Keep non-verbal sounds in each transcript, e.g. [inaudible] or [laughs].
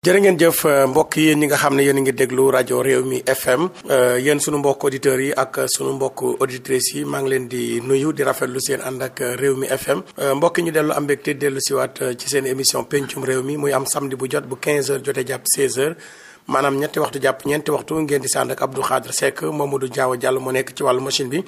jërë ngeen jëf euh, mbokk yi ñi nga xam ne yéen a ngi déglu rajo réew mi FM euh, yéen sunu mbokk auditeurs yi ak sunu mbokk auditrices yi maa ngi leen di nuyu di rafetlu seen ànd ak euh, réew mi FM mbokk ñu dellu am mbégte dellu siwaat ci seen émission pencum réew mi muy am samedi bu jot bu 15h jotee jàpp 16h maanaam ñetti waxtu jàpp ñeenti waxtu ngeen di sànd ak Abdou Khadre Seck Mamadou Diaw Diallo mu nekk ci wàllu machine bi.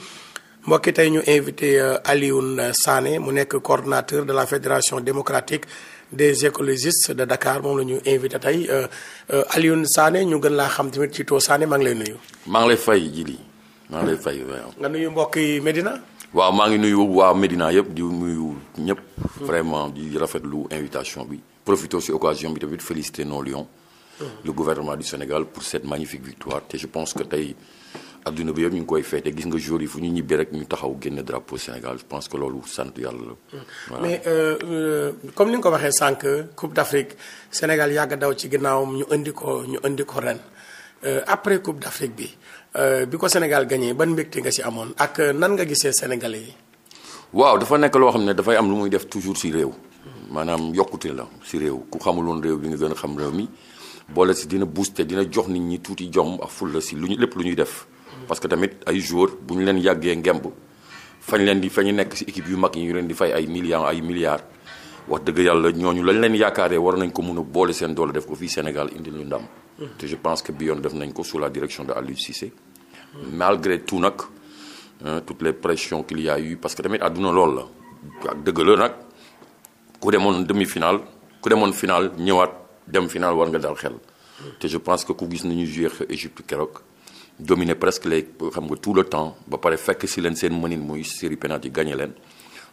mbokki tey ñu invité Alioune Sané mu nekk coordonnateur de la fédération démocratique. des écologistes de Dakar moom la ñu invité tey euh, euh, Alioune Sané ñu gën laa xam tamit ci To Sané maa ngi lay nuyu. maa ngi lay fay Jili maa ngi lay fay. nga nuyu mbokk yi Medina. waaw maa ngi nuyu waa Medina yëpp di nuyu ñëpp. vraiment di rafetlu invitation bi. profité ci occasion bi tamit féliciter nos lions. le gouvernement du Sénégal pour cette magnifique victoire te je pense que tey. adduna bi yëpp ñu ngi koy feete gis nga jour yi fu ñu ñibbi rek ñu taxaw génn drapeau Sénégal je pense que loolu sant yàlla la. Mm. mais euh, euh, comme ni nga ko waxee sànq Coupe d'Afrique Sénégal yàgg daw ci ginnaawam ñu indi ko ñu indi ko ren euh, après Coupe d'Afrique bi bi ko Sénégal gagné ban mbégte nga si amoon ak nan nga gisee Sénégalais yi. waaw dafa nekk loo xam ne dafay am lu muy def toujours si réew. maanaam yokkute la si réew ku xamuloon réew bi nga gën xam réew mi boole si dina booster dina jox nit ñi tuuti jom ak si lu ñu lépp lu ñuy def. parce que tamit ay joueurs bu ñu leen yàggee ngemb fañ leen di fa nekk ci équipe yu mag yi ñu leen di fay ay millions ay milliards wax dëgg yàlla ñoo ñu lañ leen yaakaaree war nañ ko mun a boole seen doole def ko fii Sénégal indi ñu ndam. te je pense que bi yoon def nañ ko sous la direction de Aliou Cissé. malgré tout nag toutes les pressions qu'il y a parce que tamit àdduna lool la. ak dëgg la nag ku demoon demi-finale ku demoon finale ñëwaat dem finale war nga dal xel. te je pense que ku gis nañu joué Égypte keroog. dominer presque les xam nga tout le temps ba pare fekk si leen seen mënin muy série pénalty yi gagné leen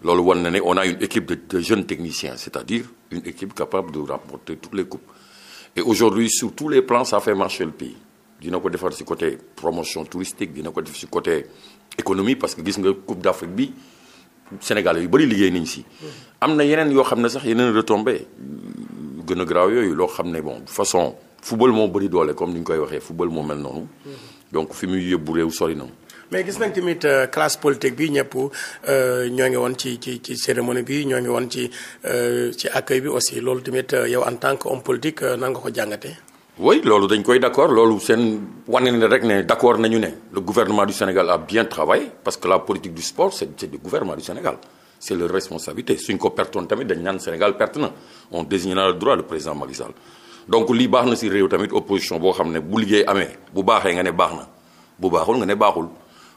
loolu war na ne on a une équipe de, de jeunes techniciens c'est-à-dire une équipe capable de remporter toutes les coupes et aujourd'hui sur tous les plans ça fait marcher le pays dina ko defar si côté promotion touristique dina ko def si coté économie parce que gis nga coupe d'Afrique bi Sénégalais yu bëri liggéey nañ si am na yeneen yoo xam ne sax yeneen retombées gën a yooyu loo xam ne bon façon football moo bëri doole comme ni ñu koy waxee football moo mel noonu donc fi muy yóbbu réew sori na. mais gis nañ tamit euh, classe politique bi ñëpp euh, ñoo ngi woon ci ci ci cérémonie bi ñoo ngi woon ci euh, ci accueil bi aussi loolu tamit yow en tant que homme politique nan nga ko jàngatee. oui loolu dañ koy d' loolu seen wane ne rek ne d' accord nañu ne le gouvernement du Sénégal a bien travaillé parce que la politique du sport c' est du gouvernement du Sénégal c' est leur responsabilité suñ ko pertoon tamit dañ naan Sénégal perte na on désignera le droit le donc lii baax na si réew tamit opposition boo xam ne bu liggéey amee bu baaxee nga ne baax na bu baaxul nga ne baaxul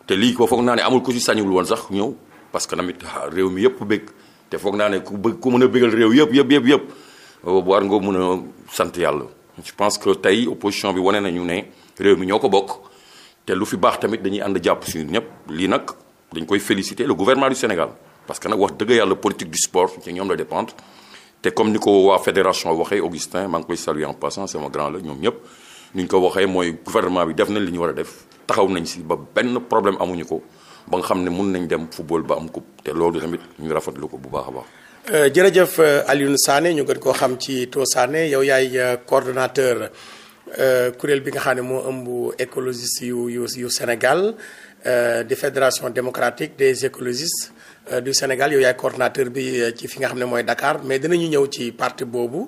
te lii ko foog naa ne amul ku si sañul woon sax ñëw parce que tamit ah, réew mi yëpp bëgg te foog naa ne ku bëgg ku mën a bëggal réew yëpp yëpp yëpp yëpp war nga mën a sant yàlla je pense que tey opposition bi wane nañu ne réew mi ñoo ko bokk te lu fi baax tamit dañuy ànd jàpp suñu ñëpp lii nag dañ koy féliciter le gouvernement du Sénégal parce que nag wax dëgg yàlla politique du sport ci ñoom la dépendre te comme ni ko waa fédération waxee Augustin maa ngi koy saluer en passant c'est mon grand la ñoom ñëpp ni ñu ko waxee mooy gouvernement bi def nañ li ñu war a def taxaw nañ si ba benn problème amuñu ko ba nga xam ne mun nañ dem football ba am ko te loolu tamit ñu rafetlu ko bu baax a baax. Euh, jërëjëf euh, Alioune Sané ñu gën koo xam ci To Sané yow yaay euh, coordonnateur kuréel bi nga xam ne moo ëmb écologiste yu yu yu Sénégal di fédération démocratique des écologistes. Euh, du Sénégal yow yaay coordonnateur bi euh, ci fi nga xam ne mooy Dakar mais dinañu ñëw ci parti boobu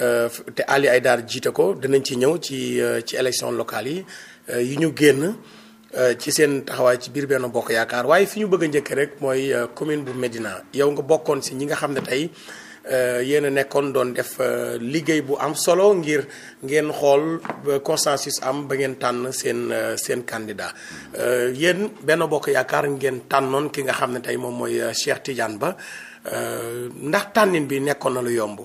euh, te Ali Aïdar jiite ko dinañ ci ñëw ci ci élection locale yi yi ñu génn ci seen taxawaay ci biir benn bokk yaakaar waaye fi ñu bëgg a njëkkee rek mooy commune bu Médina yow nga bokkoon si ñi nga xam ne tey. Euh, yéen a nekkoon doon def euh, liggéey bu am solo ngir ngeen xool euh, consensus am ba ngeen tànn seen seen candidat yéen benn bokk yaakaar ngeen tànnoon ki nga xam ne tey moom mooy Cheikh Tidiane Ba ndax tànnin bi nekkoon na lu yomb.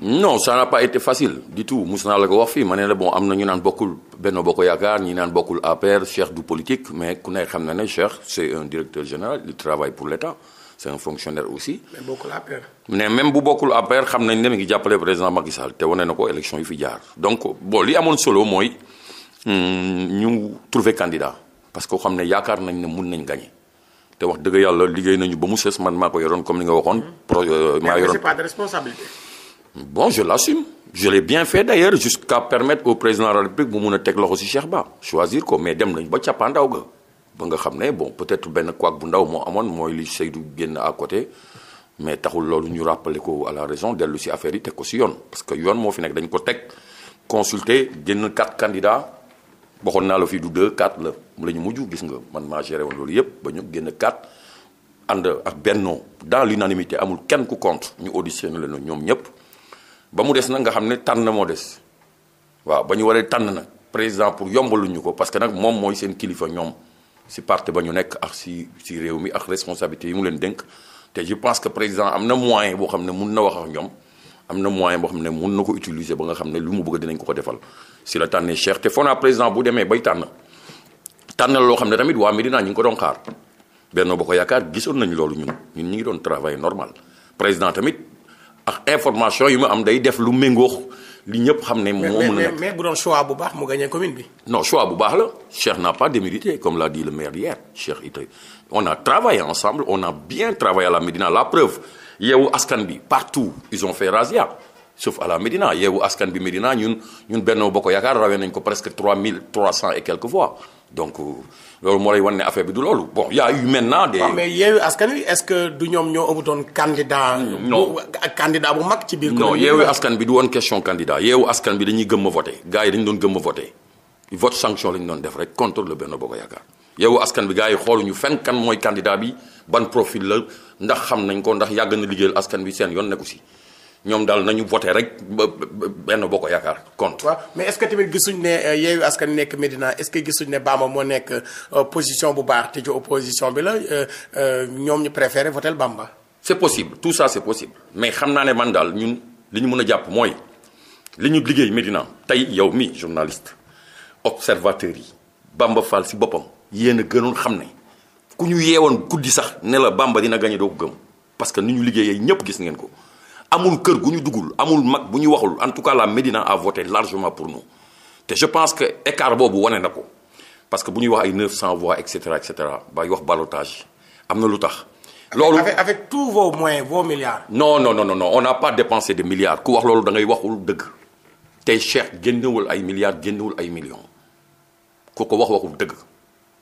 non ça n'a pas été facile du tout mos naa la ko wax fii ma ne la bon am na ñu naan bokkul Benno Bokk Yaakaar ñi naan bokkul APR Cheikh du politique mais ku ne xam na ne Cheikh c'est un directeur général il travaille pour l'État c'est un fonctionnaire aussi. mais bokkul mais même bu bokkul APR xam nañ ne mi ngi jàppale président Macky Sall te wane na ko élection yi fi jaar donc bon li amoon solo mooy hmm, ñu trouver candidat parce que xam ne yaakaar nañ ne mun nañ gagner te wax dëgg yàlla liggéey nañu ba mu sës man maa ko yoroon comme ni nga waxoon. pro euh, hmm. maa yoroon c'est bon je l'assume je l'ai bien fait d'ailleurs jusqu'à permettre au président de la République mu mun a teg loxo ci Cheikh Ba choisir ko mais dem nañ ba cappaandaw ga. ba nga xam ne bon peut-être benn couac bu ndaw moo amoon mooy li Seydou génn à côté mais taxul loolu ñu rappeler ko à la raison dellu si affaire yi teg ko si yoon parce que yoon moo fi nekk dañ ko teg consulter génn quatre candidats waxoon naa la fii du deux quatre la la ñu mujj gis nga man maa géré woon loolu yëpp ba ñu génn quatre ànd ak bennoo dans l'unanimité amul kenn ku compte ñu auditionné leen ñoom ñëpp ba mu des nag nga xam ne tànn moo des waaw ba ñu waree tànn nag président pour yombaluñu ko parce que nag moom mooy seen kilifa ñoom. si parti ba ñu nekk ak si si réew mi ak responsabilité yi mu leen dénk te je pense que président am na moyen boo xam ne mun na wax ak ñoom am na moyen boo xam ne mun na ko utiliser ba nga xam ne lu mu bëgg dinañ ko ko defal si la tànnee Cheikh te foog naa président bu demee bay tànn tànnal loo xam ne tamit waa Médina ñu ngi ko doon xaar benn Benno ko Yaakaar gisoon nañu loolu ñun ñun ñu ngi doon travail normal président tamit ak information yi mu am day def lu méngóox li ñëpp xam ne moo mën nekk mais bu doon choix bu baax mu gagné commune bi. non choix bu baax la Cheikh n'a pas démérité comme l'a dit le maire hier Cheikh Ibrahima on a travaillé ensemble on a bien travaillé à la Médina la preuve yeewu askan bi partout ils ont fait razzia sauf à la Médina yeewu askan bi Médina ñun ñun Benno Bokk Yaakaar rawee nañ mille presque 3300 et quelques voix. donc euh, loolu moo lay wan ne affaire bi du loolu bon yaa a eu maintenant des. mais Yewwi Askan Wi est-ce que du ñoom ñoo amutoon candidat. Mm, non ak candidat bu mag ci biir. non Yewwi Askan bi du woon question candidat Yewwi Askan bi dañuy gëm ma voté gars yi dañu doon gëm ma voté vote sanction la ñu doon def rek contre benn Benno Bokk Yaakaar Yewwi Askan bi gars yi xooluñu fenn kan mooy candidat bi ban profil la ndax xam nañ ko ndax yàgg na liggéeyal askan bi seen yoon nekku si. ñoom daal nañu voté rek ba benn boo ko yaakaar contre. waaw mais est-ce que tamit gisuñ ne euh, yeewu askan nekk Medina est-ce que gisuñ ne Bamba moo nekk euh, position bu baax te ci opposition bi la euh, ñoom ñu préféré voté Bamba. c'est possible tout ça c'est possible mais xam naa ne man daal ñun li ñu mën a jàpp mooy li ñu liggéey Medina tey yow mi journaliste observateur yi Bamba Fall si boppam yéen a gënoon xam ne ku ñu yeewoon guddi sax ne la Bamba dina gagné doo ko gëm parce que ni ñu liggéeyee ñëpp gis ngeen ko. amul kër gu ñu dugul amul mag bu ñuy waxul en tout cas la Médina a voté largement pour nous te je pense que écart boobu wane na ko parce que bu ñuy wax ay 900 voix et cetera et cetera ba wax balotage am na lu tax. loolu avec avec tous vos moyens vos milliards. non non non non on n'a pas dépensé de milliards ku wax loolu da ngay waxul dëgg tey Cheikh génnewul ay milliards génnewul ay millions ku ko wax waxul dëgg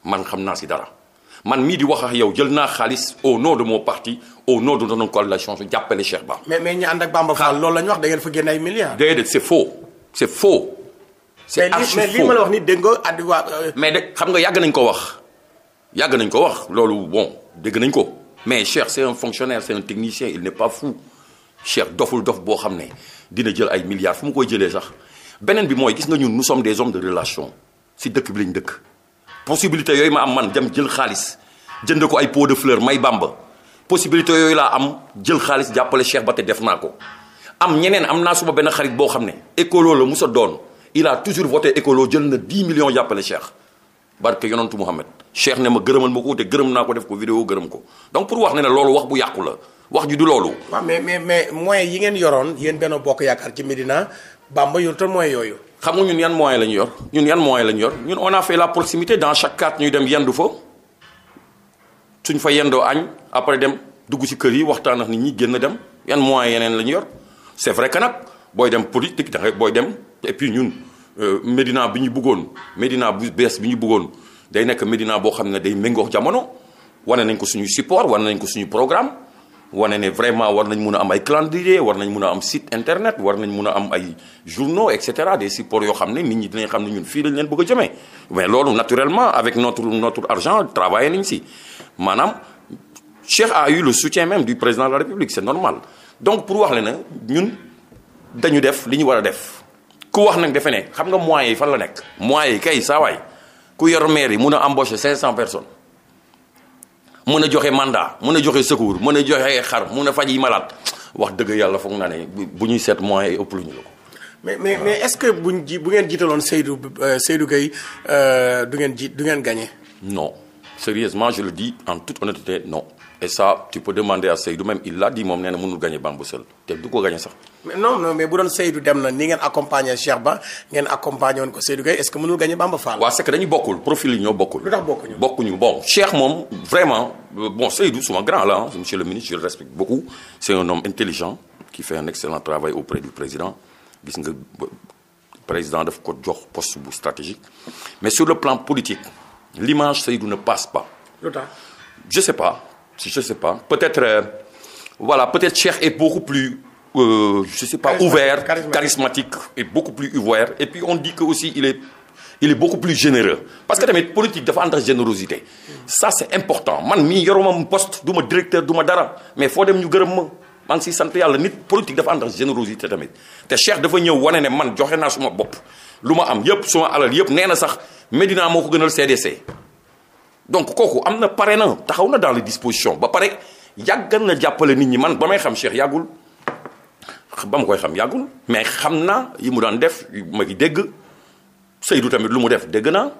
man xam naa si dara. man mii di wax ak yow jël naa xaalis au nom de mon parti au nom de notre coalition su jàppale Cheikh Ba. mais mais ñi ànd ak Bamba Fall ah. loolu la ñu wax da ngeen fa génne ay milliards. déedéet c'est faux c'est faux. c'est archi faux wax ni dégg nga addi waa. Euh, mais de xam nga yàgg nañ ko wax yàgg nañ ko wax loolu bon dégg nañ ko mais Cheikh c'est un fonctionnaire c'est un technicien il n'est pas fou Cheikh doful dof boo xam ne dina jël ay milliards fu mu koy jëlee sax beneen bi mooy gis nga ñun nous sommes des hommes de relation si dëkk bi lañ dëkk. possibilité yooyu ma am man dem jël xaalis jënd ko ay pot de fleur may Bamba possibilité yooyu laa am jël xaalis jàppale Cheikh Ba te def naa ko am ñeneen am naa suma benn xarit boo xam ne écolo la musa doon il a toujours voté écolo jën na 10 millions jàppale Cheikh barke yonantu Mouhamed Cheikh ne ma gërëmal ma ko te gërëm naa ko def ko vidéo gërëm ko donc pour wax ne ne loolu wax bu yàqu la wax ji du loolu. mais mais mais moyens yi ngeen yoroon yéen benn yaakaar ci Medina Bamba yorutoon moyens yooyu. xam nga ñun yan moyen la ñu yor ñun yan moyen la ñu yor ñun on a fait la proximité dans chaque carte ñuy dem yendu fa suñ fa yendoo añ après dem dugg ci kër yi waxtaan ak nit ñi génn dem yan moyen yeneen la ñu yor c'est vrai que nag booy dem politique da ngay booy dem et puis ñun euh, Médina bi ñu buggoon Médina bu bees bi ñu buggoon day nekk Médina boo xam ne day méngoo jamono wane nañ ko suñu support wane nañ ko suñu programme wane ne vraiment war nañ mun a am ay calendrier war nañ mun a am site internet war nañ mun a am ay journaux et cetera des supports yoo xam ne nit ñi dinañ xam ne ñun fii lañ leen bëgg a jëmee mais loolu naturellement avec notre notre argent travaillé nañ si maanaam Cheikh a le soutien même du président de la République c'est normal donc pour wax le na ñun dañu def li ñu war a def ku wax nag defe ne xam nga moyens yi fan la nekk moyens yi kay saawaay ku yor maire yi mun a embaucher 500 personnes mën a joxe mandat mën a joxe secours mën a joxe xar mën a faj yi malaat wax dëgg yàlla foog naa ne bu ñuy seet moyens ëpp lu ñu la ko. mais mais mais est-ce que buñ ji bu ngeen jiitaloon Seydou euh, Seydou Gueye euh, du ngeen ji du ngeen gagné. non sérieusement je le dis en toute honnêteté non. et ça tu peux demander à Seydou même il l'a dit moom nee na mënul gagné Bamba Seul te du ko gagné sax. non non mais bu doon Seydou dem na ni ngeen accompagner Cheikh Ba ngeen accompagner woon ko Seydou Gueye est ce que mënul gagné Bamba Fall. waaw c'est que dañuy bokkul profil ñoo bokkul. bokkuñu bon Cheikh moom vraiment euh, bon suma grand la ah monsieur le ministre je le respecte beaucoup c'est un homme intelligent qui fait un excellent travail auprès du président gis nga ko jox post bu stratégique mais sur le plan politique l'image Seydou ne passe pas. lu tax je sais pas. Je ne sais Peut-être, euh, peut-être Cheikh est beaucoup plus, euh, je sais pas, charismatique, ouvert, charismatique. charismatique. et beaucoup plus ouvert. Et puis on dit que aussi il est, il est beaucoup plus généreux. Parce que tamit politique dafa ànd ak générosité. ça c'est important man mii yoruma mu poste du ma directeur du ma dara mais foo dem ñu gërëm ma. maa ngi siy sant yàlla nit politique dafa ànd ak générosité tamit te Cheikh dafa ñëw wane ne man joxe naa suma bopp lu ma am yëpp suma alal yëpp nee na sax Medina moo ko gënal CDC. donc kooku am na pare na taxaw na dans les disposition ba pare yàggal na jàppale nit ñi man ba may xam Cheikh yàggul ba ma koy xam yàggul mais xam naa yi mu daan def mag ngi dégg Seydou tamit lu mu def dégg naa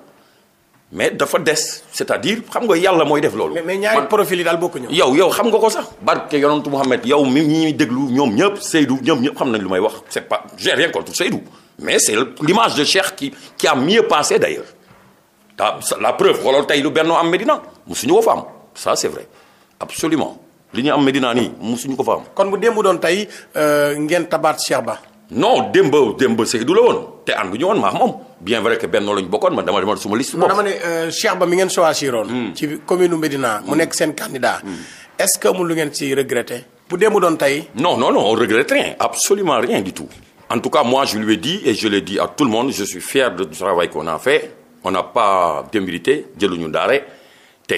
mais dafa des c'est-à-dire xam nga yàlla mooy def loolu. mais ñaari profil yi daal bokkuñu. yow yow xam nga ko sax barke yonantu Mouhamed yow mi ñuy déglu ñoom ñëpp Seydou ñoom ñëpp xam nañ lu may wax c'est pas j'ai rien contre Seydou mais c'est l'image de Cheikh qui qui a mieux passé d'ailleurs ah la preuve xoolal tey lu Benno am Médina musuñu ko fa am ça c'est vrai absolument li ñu am Médina nii musuñu ko fa am. kon bu démb doon tey euh, ngeen tabaat Cheikh Ba. non démb démb Seydou la woon te ànduñu woon maa moom bien vrai que Benno lañu bokkoon man dama demal suma liste. bopp dama ne euh, Cheikh Ba ngeen choisir woon. Hmm. ci commune Médina mu hmm. nekk seen candidat. Hmm. est-ce que amul lu ngeen ci regretter. bu démb doon tey. non non non on regrette rien absolument rien du tout. en tout cas moi je lui ai dit et je l'ai dit à tout le monde je on n'a pas jëlu ñu ndaare te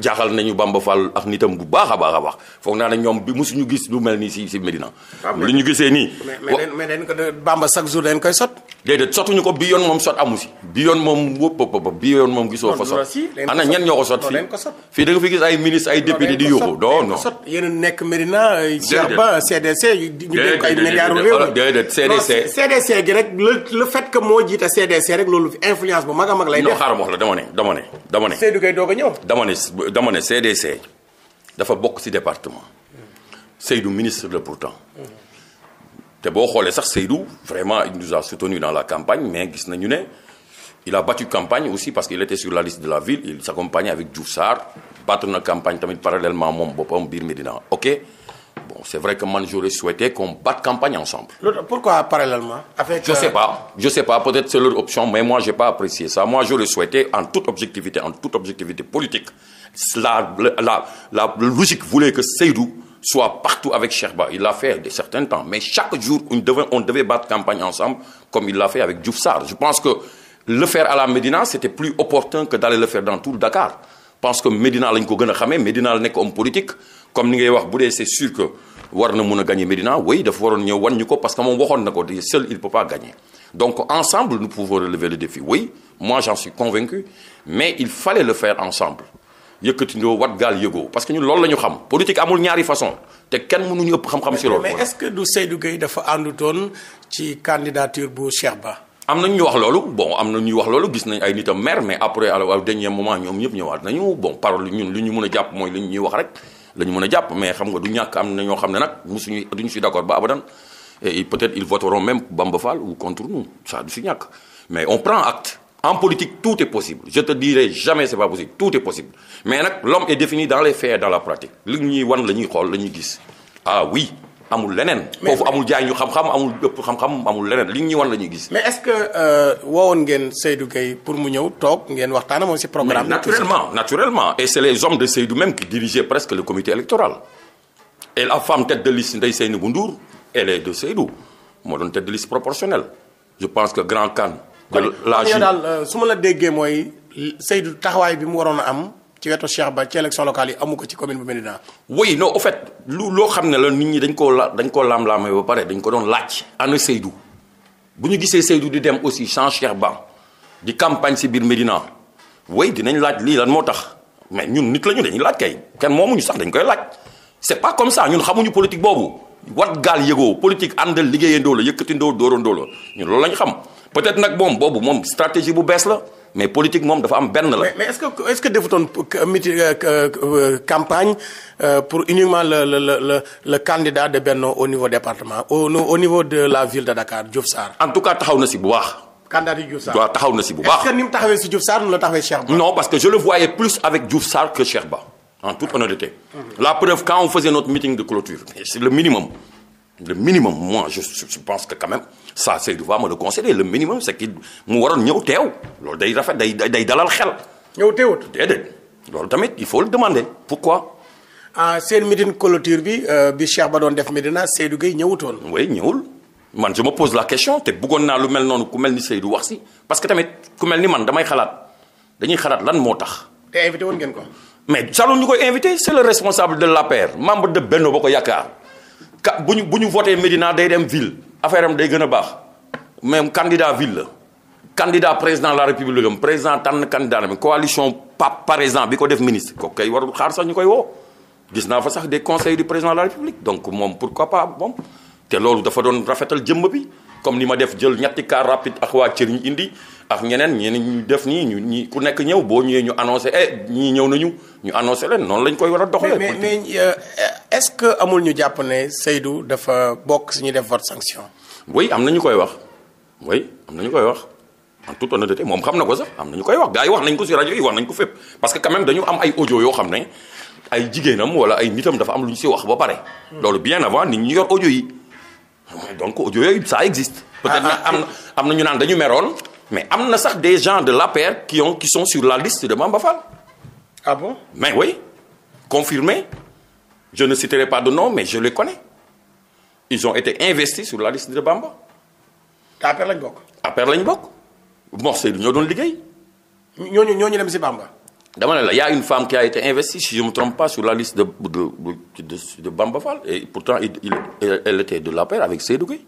jaaxal nañu Bamba Fall ak nitam bu baax a baax a baax foog naa ne ñoom bi musuñu gis lu mel nii si si Médina. Ah, lu ñu gisee nii. mais mais Bamba chaque jour dañ koy sot déedéet sotuñu ko bi yoon moom sot amu si yoon moom wëpp bi yoon moom gisoo fa sot ana ñen ñoo ko sot fii fii da nga fi gis ay ministre ay député di yuuxu non non a nekk Médina Cheikh Ba CDC ñu dénk ko moo jiite CDC rek loolu influence bu mag a mag lay def xaaral wax la dama ne dama ne dama ne Seydou Gueye doog a ñëw dama ne dafa bokk si département Seydou ministre pour pourtant te boo xoolee sax vraiment il nous a soutenu dans la campagne mais gis nañu ne il a battu campagne aussi parce qu'il était sur la liste de la ville il s'accompagnait avec Diouf Sarr battu na campagne tamit parallèlement moom boppam biir Médina ok c'est vrai que man j'aurais souhaité qu'on batte campagne ensemble. pourquoi parallèlement. avec je sais euh, pas je sais pas peut-être c'est leur option mais moi pas apprécié ça moi en toute objectivité politique la logique voulait que soit partout avec Sherba. Il l'a fait de certains temps. Mais chaque jour, on devait, battre campagne ensemble, comme il l'a fait avec Diouf Je pense que le faire à la Médina, c'était plus opportun que d'aller le faire dans tout le Dakar. que Médina lañ ko gën a xamee Médina la nekk war na mun a gagner Médina oui dafa parce que moom waxoon na ko seul il peut pas gagner donc ensemble nous pouvons relever le défi oui j'en suis convaincu mais il fallait le faire ensemble yëkkatindoo wat gaal yëgoo parce que ñun loolu la ñu xam politique amul ñaari façon te kenn mënuñu ëpp xam-xam si loolu. mais est-ce que du Seydou Gueye dafa àndutoon ci candidature bu Cheikh Ba. am na ñuy wax loolu bon am na ñuy wax loolu gis nañ ay nitam maire mais après a dernier moment ñoom ñëpp ñëwaat nañu bon parole ñun li ñu mën a jàpp mooy li ñuy wax rek la ñu mën a jàpp mais xam nga du ñàkk am na ñoo xam ne nag musuñu duñu si d'accord ba abadan et peut-être ils voteront même Bamba Fall ou contre nous ça du si ñàkk mais on prend acte En politique, tout est possible. Je te dirai jamais c'est pas possible. Tout est possible. Mais nag l'homme est défini dans les faits, dans la pratique. li ñuy wan la ñuy xool la gis. ah oui amul leneen. mais foofu amul jaay ñu xam-xam amul ëpp xam-xam amul leneen li ñuy wan la ñuy gis. mais est-ce que euh, woowoon ngeen Seydou Gueye pour mu ñëw toog ngeen waxtaan moom ci programme. naturellement naturellement et c'est les hommes de Seydou même qui dirigeaient presque le comité électoral. et la femme tête de liste moo doon tête de liste proportionnelle je pense que Grand Kane. kon yow daal euh, su ma la déggee mooy Seydou taxawaay bi mu waroon a am ci wetu Cheikh Ba ci élection locale yi amu ko ci commune bu Médina. oui non au fait lu loo xam ne la nit ñi dañ koo la dañ koo laam-laamee ba pare dañ ko doon laaj. ana Seydou bu ñu gisee Seydou di dem aussi sans Cheikh Ba di campagne si biir Médina way dinañ laaj lii lan moo tax mais ñun nit la ñu dañuy laaj kay kenn moomuñu sax dañ koy laaj c'est pas comme ça ñun xamuñu politique boobu wat gaal yëgoo politique àndal liggéeyandoo la yëkkatindoo dóorandoo la ñun loolu lañ xam. peut-être nag moom boobu moom stratégie bu bees la mais politique moom dafa am benn la. mais est-ce que est-ce que defutoon euh, euh, euh, campagne pour uniquement le le le le candidat de Benno au niveau département au niveau de la ville de Dakar Diouf Sarr. en tout cas taxaw na si bu baax. candidat Diouf Sarr waaw taxaw na si bu baax. est-ce que ni mu taxawee si Diouf Sarr nu la taxawee parce que je le voyais plus avec Diouf Sarr que Cheikh en toute honnêteté. Mhm. la preuve quand on faisait notre meeting de clôture c'est ça Seydou waa ma le conseiller le minimum c'est que mu waroon ñëw teew loolu day rafet day day dalal xel. ñëw teewut déedéet loolu tamit il faut le demander pourquoi. ah seen meeting clôture bi euh, bi Cheikh Ba doon def Medina Seydou Gueye ñëwutoon. oui ñëwul man je ma pose la question te bëggoon naa lu mel noonu ku mel ni Seydou wax si parce que tamit ku mel ni man damay xalaat dañuy xalaat lan moo tax. te invité woon ngeen ko. mais Saloum ñu koy invité c'est le responsable de l'APR membre de Benno Bokk Yakaar ka bu ñu bu ñu voté Medina day dem ville. affaire am day gën a baax même candidat ville la candidat président de la république am président tànn candidat la coalition pa par exemple bi ko def ministre kooku kay warul xaar sax ñu koy woo gis naa fa sax des conseil du président de la république donc moom pourquoi pas moom te loolu dafa doon rafetal jëmm bi comme ni ma def jël ñetti car rapide ak waa cër indi ak ñeneen ñeneen ñu def nii ñu ñi ku nekk ñëw boo ñëwee ñu annoncé eh ñii ñëw nañu ñu annoncé leen noonu lañ koy war a doxalee. mais mais euh, est-ce que amul ñu jàpp ne Seydou dafa bokk si ñu def vote sanction. oui am na ñu koy wax oui am na koy wax en toute honnêteté moom xam na ko sax am na koy wax gars wax nañ ko si rajo yi wax nañ ko fépp parce que quand même dañu am ay audio yoo xam ne ay jigéenam wala ay nitam dafa am lu ñu si wax ba pare. loolu bien avant nit ñu yor audio yi donc audio yooyu ça existe. peut-être ah, ah. am na am na ñu naan dañu meroon. mais am na sax des gens de l'APR qui ont qui sont sur la liste de Bamba Fall. ah bon mais oui confirmé je ne citerai pas de nom mais je les connais ils ont été investis sur la liste de Bamba. te APR lañ bokk. APR lañ bokk Mor Seydou ñoo doon liggéey. ñooñu ñooñu dem si Bamba. dama ne la y a une femme qui a été investie si je me trompe pas sur la liste de de de de Bamba Fall et pourtant il, il elle était de l'APR avec Seydou Gueye.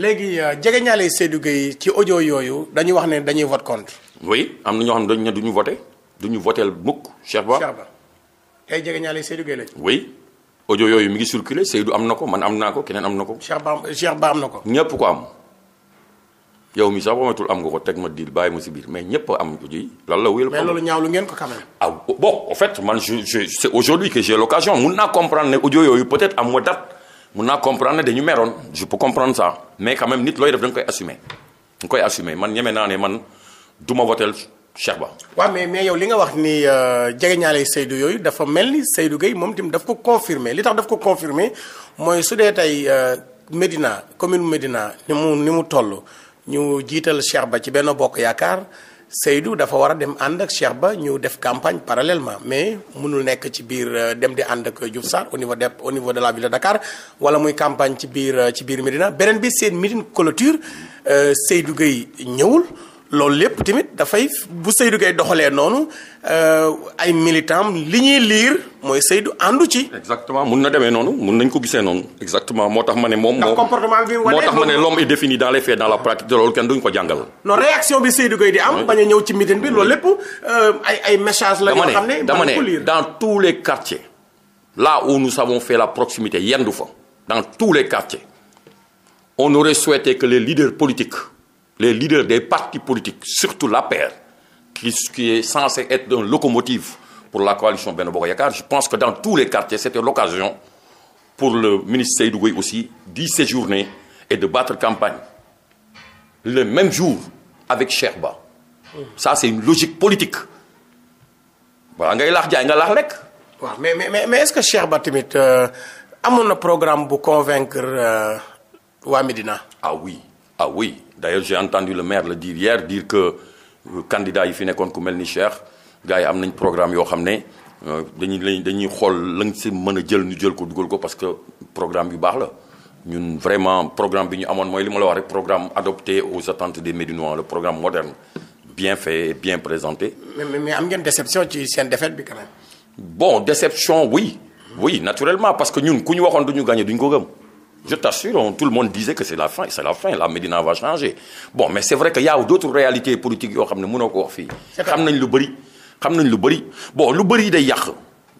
léegi jege euh, ñaale Seydou yi ci audio yooyu dañuy wax ne dañuy vote contre. oui am na ñoo xam ne dañu ne du ñu voté du ñu voteel mukk Cheikh Ba Cheikh ay jege ñaale Seydou Gueye lañ. oui audio yooyu mi ngi circulé Seydou am na ko man am naa ko keneen am na ko. Cheikh Ba Cheikh Ba am na ko. ñëpp ko am yow mi sax wamatul am nga ko teg ma diil bàyyi ma si biir mais ñëpp am ji lan la wéyal. mais loolu ñaawlu ngeen ko quand même. ah bon en fait man je je c' est aujourd'hui que mun naa comprendre ne yooyu peut être am ma date mun naa comprendre dañu meroon je ça. mais quand nit looy def da koy assumer nga koy assumer man ñeme naa ne man du ma woteel Cheikh Ba. waaw mais mais yow li nga wax ni euh, jegeñaale Seydou yooyu dafa mel ni Seydou Gueye moom tim daf ko confirmer li tax daf ko confirmer mooy su dee tey euh, Médina commune Médina ni mu ni mu toll ñu jiital Cheikh Ba ci benn bokk yaakaar. Seydou dafa war a dem ànd ak Cheikh Ba ñu def campagne parallèlement mais munul nekk ci biir euh, dem di ànd ak Diouf Sarr au niveau de au niveau de la ville de Dakar wala muy campagne ci biir euh, ci biir Médina beneen bi seen meeting clôture euh, Seydou Gueye ñëwul. loolu lépp tamit dafay bu Seydou Gueye doxalee noonu euh, ay militant li ñuy liir mooy Seydou àndu ci. exactement mun na demee noonu mun nañ ko gisee noonu. exactement moo tax ma ne moom. moo comportement bi moo tax ma ne l'homme est défini dans les faits dans la pratique te loolu kenn duñ ko jàngal. non réaction bi Seydou di am. bañ a ñëw ci meeting bi loolu lépp euh, ay ay message la. yoo xam ne dama ne dans tous les quartiers. là où nous avons fait la proximité yendu fa dans tous les quartiers on aurait souhaité que les leaders politiques. les leaders des partis politiques surtout l'APR qui qui est censé être une locomotive pour la coalition Benno Bokk Yakaar je pense que dans tous les quartiers c'était l'occasion pour le ministre Seydou Gueye aussi d'y séjourner et de battre campagne le même jour avec Cheikh Ba ça c'est une logique politique waaw ngay laax jaay nga laax lekk waaw mais mais mais est-ce que Cheikh Ba tamit euh, amoon na programme bu convaincre euh, waa Médina ah oui ah oui d'ailleurs j'ai entendu le maire la dire hier dire que euh, candidat yi fi nekkoon ku mel ni Cheikh gars yi am nañ programme yoo xam ne euh, dañuy dañuy xool lañ si mën a jël ñu jël ko dugal ko parce que programme yu baax la ñun vraiment programme bi ñu amoon mooy li ma la wax rek programme adopté aux attentes des Médinois le programme moderne bien fait et bien présenté. mais mais am ngeen déception ci seen défaite bi quand même. bon déception oui. oui naturellement que ñun ku waxoon du ñu gagné du ñu ko Je t'assure, tout le monde disait que c'est la fin, c'est la fin, la Médina va changer. Bon, mais c'est vrai qu'il y a d'autres réalités politiques yoo xam ne mënoo ko wax fii. xam nañ lu bëri xam nañ lu bëri bon lu bëri day yàq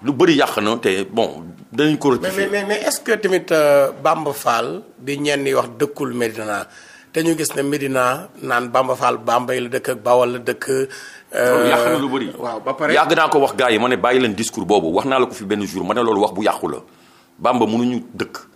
lu bëri yàq na te bon danañ ko. rectifier mais mais est-ce que tamit euh, Bamba Fall di ñenn wax dëkkul Médina te ñu gis ne Médina naan Bamba Fall Bambey la dëkk ak dëkk. Euh, yàq na lu bëri. waaw ba pare naa ko wax gaa yi ma ne bàyyi leen discours boobu wax naa la ko fi benn jour ma ne loolu wax bu yàqu la Bamba mënuñu dëkk.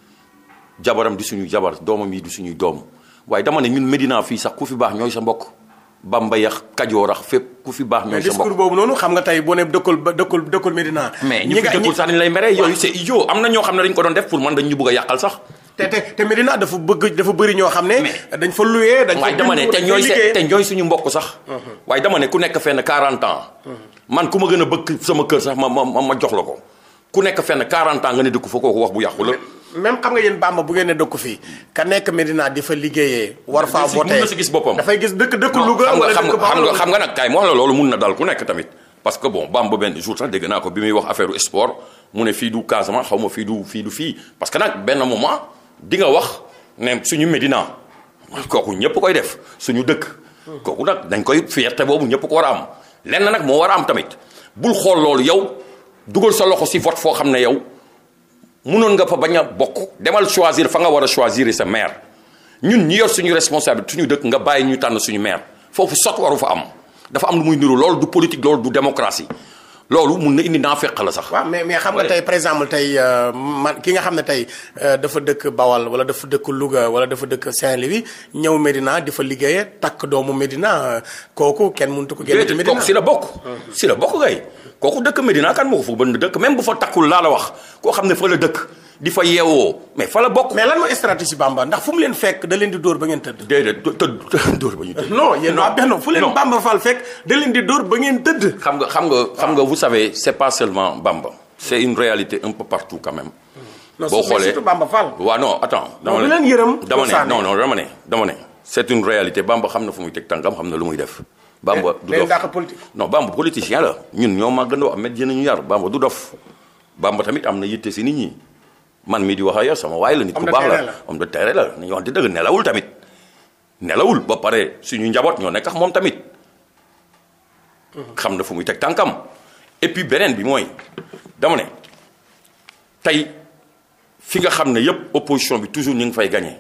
jabaram di suñu jabar doomam yi di suñu doom waaye dama ne ñun Medina fii sax ku fi baax ñooy sa mbokk Bamba yax Kajoor ax fépp ku fi baax ñooy sa mbokk boobu noonu xam nga tey boo ne dëkkul dëkkul dëkkul Medina mais ñi fi dëkkul sax dañ lay mere yooyu am na xam ne dañ ko doon def pour man dañ ñu bëgg a sax te te te Medina dafa bëgg dafa bëri ñoo xam ne dañ fa luwee dañ waaye dama ne te te ñooy suñu mbokk sax uh-huh. waaye dama ku nekk fenn 40 ans man ku ma gën a bëgg sama kër sax ma ma ma jox la ko ku nekk fenn 40 ans nga ne dëkku fa kooku wax bu yàqu la même xam nga yéen Bamba bu ngeen ne dëkku fii ka nekk Medina di fa liggéeyee war faa voté si gis boppam dafay gis dëkk dëkk Louga wala dëkk xam nga xam nga nag kaay moo la loolu na dal ku nekk tamit parce que bon Bamba benn jour sax dégg naa ko bi muy wax affaire sport mu ne fii du Casamance xaw ma fii du fii du fii parce que nag benn moment di nga wax ne suñu Medina kooku ñëpp koy def suñu dëkk kooku nag dañ koy fierté boobu ñëpp ko war a am lenn nag moo war a am tamit bul xool loolu yow dugal sa loxo si vote foo xam ne yow mënoon nga fa bañ a bokk demal choisir fa nga war a choisir sa maire ñun ñu yor suñu responsabilité suñu dëkk nga bàyyi ñu tànn suñu maire foofu sot waru fa am dafa am lu muy niru lool du politique loolu du démocratie loolu mun na indi naa fekk la sax. waaw mais mais xam nga tey par exemple tey euh, man ki nga xam ne tey euh, dafa dëkk Bawal wala dafa dëkk Louga wala dafa dëkk Saint-Louis ñëw Medina di fa liggéeyee takk doomu médina euh, kooku kenn mun mënut ko génn. ci Medina si la bokk. si la bokk kay kooku dëkk Medina kan moo ko foog ba dëkk même bu fa takkul laa la wax koo xam ne fa la dëkk. di fa yeewoo mais fa la bokk. mais lan mooy stratégie Bamba ndax fu mu leen fekk da leen di door ba ngeen tëdd. déedéet tëdd [laughs] dóor ba ñu tëdd. non benn fu leen Bamba Fall fekk da leen di door ba ngeen tëdd. xam nga xam nga xam nga vous savez c'est pas seulement Bamba. c'est une réalité un peu partout quand boo xoolee surtout Bamba Fall. waaw non attends dama ne leen yërëm. dama ne non non dama ne dama ne. c'est une réalité Bamba xam na fu muy teg tànkam xam na lu muy def. Bamba du dof non Bamba politicien la ñun ñoo màggandoo am met ñu yar Bamba du dof Bamba tamit na yitte si nit ñi man mii di wax ak yow sama waay la nit ku baax la homme de terrain la nañu wax di dëgg nelawul tamit nelawul ba pare suñu njaboot ñoo nekk ak moom tamit xam na fu muy teg tànkam et puis beneen bi mooy dama ne tey fi nga xam ne yëpp opposition bi toujours ñu ngi fay gagné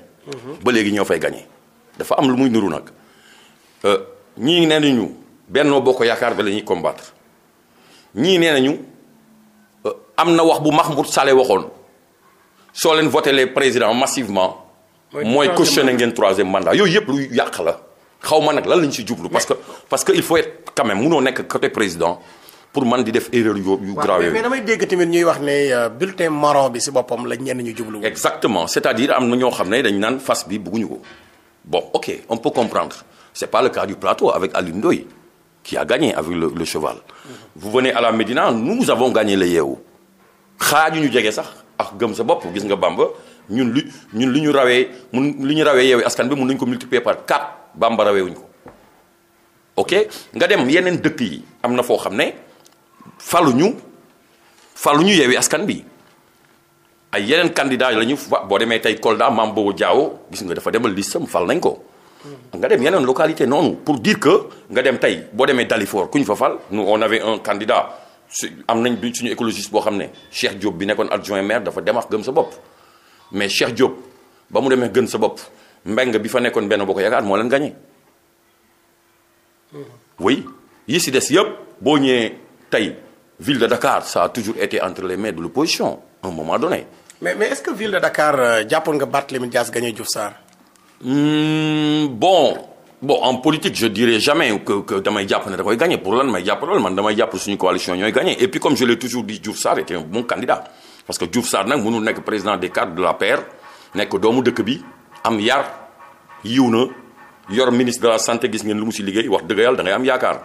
ba léegi ñoo fay gagné dafa am lu muy nuru nag euh, ñii nee nañu Benno Bokk Yaakaar ba la ñuy combattre ñii nee nañu euh, am na wax bu Mahmoud Saleh waxoon soo leen voté les présidents massivement. mooy cautionné ngeen troisième mandat yooyu yëpp lu yàq la. xaw ma nag lan lañ si jublu parce que parce que il faut être quand même munoo nekk côté président pour man di def erreur yu yu grave yooyu. mais damay dégg tamit ñuy wax ne euh, bulletin marron bi si boppam la ñenn ñu jublu. exactement c'est-à-dire am na ñoo xam ne dañ naan fas bi bëgguñu ko bon ok on peut comprendre c'est pas le cas du plateau avec Alioune Ndoye qui a gagné avec le, le cheval. Mm-hmm. vous venez à la Médina nous avons gagné le yeewu xaaju ñu jege sax. ak gëm sa bopp gis nga Bamba ñun lu ñun lu ñu rawee mun li ñu rawee yeewi askan bi mun nañu ko multiplier par 4 Bamba rawee wuñ ko ok nga dem yeneen dëkk yi am na foo xam ne ñu faluñu ñu yeewi askan bi ay yeneen candidat la ñu fa boo demee tey colda maam boobu Diawo gis nga dafa demal liste am fal nañ ko. nga dem yeneen localité noonu pour diir que nga dem tey boo demee Dalifort ku ñu fa fal nous on avait un candidat. su am nañ bi suñu écologiste boo xam ne Cheikh Diop bi nekkoon adjoint maire dafa dem ak gëm sa bopp mais Cheikh Diop ba mu demee gën sa bopp mbeng bi fa nekkoon benn boo ko yaakaar moo leen gagné. Mm-hmm. oui yi si des yëpp boo ñëwee tey ville de Dakar ça a toujours été entre les mains de l'opposition à un moment donné. mais mais est-ce que ville de Dakar euh, jàppoon nga Barthélémy Dias gagné Diouf saa hmm, bon. bon en politique je dirais jamais damay jàpp ne da koy gagné pour lan may man damay jàpp suñu coalition ñooy gagné et puis comme je l'ai toujours dit Diouf Sarr était un bon candidat parce que nekk président des cadres de la PR nekk doomu dëkk bi am yar yiw na yor ministre de la santé gis ngeen lu mu si liggéey wax dëgg yàlla da am yaakaar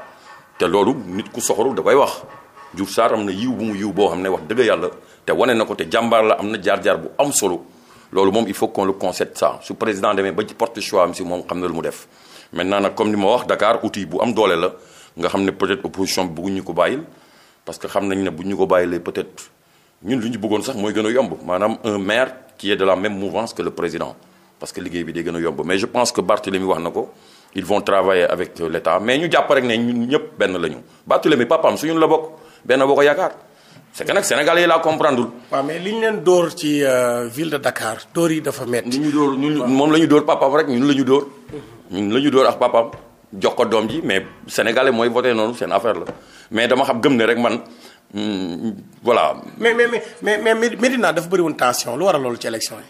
te loolu nit ku soxoru da koy wax Diouf Sarr am na yiw bu mu yiw boo xam ne wax dëgg yàlla te wane na ko te jàmbaar la am na jaar-jaar bu am solo loolu moom il faut qu'on le concède ça su président demee ba ci porte choix am si moom na lu mu def maintenant nag comme ni ma wax Dakar outil bu am doole la nga xam ne peut-être opposition bi bëgguñu ko bàyyil parce que xam nañ ne bu ñu ko bàyyilee peut-être ñun lu ñu bëggoon sax mooy gën a yomb maanaam maire qui est de la même mouvance que le président parce que liggéey bi day gën a yomb mais je pense que Barthélémy wax na ko ils vont travailler avec l'État mais ñu jàpp rek ne ñun ñëpp benn la ñu Barthélémy papaam su ñun la bokk benn boo ko yaakaar c'est que nag sénégalais yi laa comprendre. mais li ñu leen dóor ci euh, ville de Dakar dóor yi dafa métti. ñu dóor ñun moom la ñu dóor papaam rek ñun la ñu dóor. ñun la ñu door ak papaam jox ko doom ji mais sénégalais mooy voté noonu seen affaire la mais dama xam gëm ne rek man hmm, voilà. mais mais mais mais Médina dafa bëri woon tension lu waral loolu ci élection yi.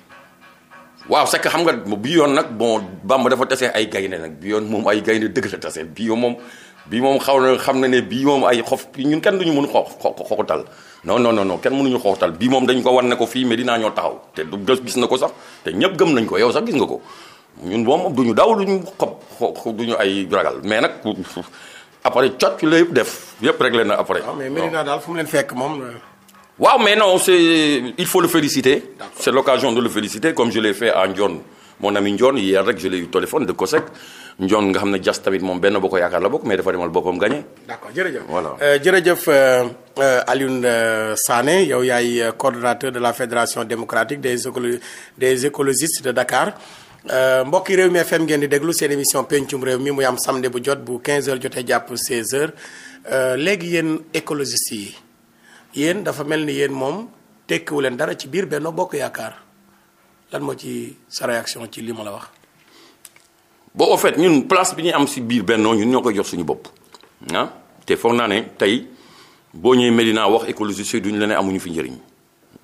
waaw c'est que xam nga bi yoon nag bon Bamba dafa tase ay gaynde nag bi yoon moom ay gaynde dëgg la tase bi yoon moom bi moom xaw na xam na ne bii moom ay xof ñun kenn duñu mën xoo xooxutal non non non kenn mënuñu xooxutal bii moom dañ ko wan ne ko fii Médina ñoo taxaw te du gis na ko sax te ñëpp gëm nañ ko yow sax gis nga ko ñun moom du ñu daw du ñu xob du ñu ay ragal mais nag après cocc la yëpp def yëpp réglé na après. waaw ah, mais Medina daal fu mu leen fekk moom. Euh. waaw mais non c'est il faut le féliciter. c'est l'occasion de le féliciter comme je l'ai fait à Ndion mon ami Ndion hier rek je l'ai eu téléphone de Cosec. Ndion nga xam ne jas tamit moom benn boo ko yaakaar la bokk mais dafa demal boppam gagné. d'accord jërëjëf voilà. Euh, jërëjëf euh, Alioune Sané yow yaay coordonnateur de la fédération démocratique des écolo des écologistes de Dakar. Euh, mbokki réew mi FM ngeen di déglu seen émission pencum réew mi muy am samedi bu jot bu 15h jotee jàpp 16h euh, léegi yéen écologistes yi yéen dafa mel ni yéen moom tekkiwu leen dara ci biir Benno Bokk Yaakaar lan moo ci sa réaction ci li ma la wax. boo au ñun place bi ñu am si biir Benno ñun ñoo koy jox suñu bopp ah te foog naa ne tey boo ñëwee Medina wax écologistes du ñu la ne amuñu fi njëriñ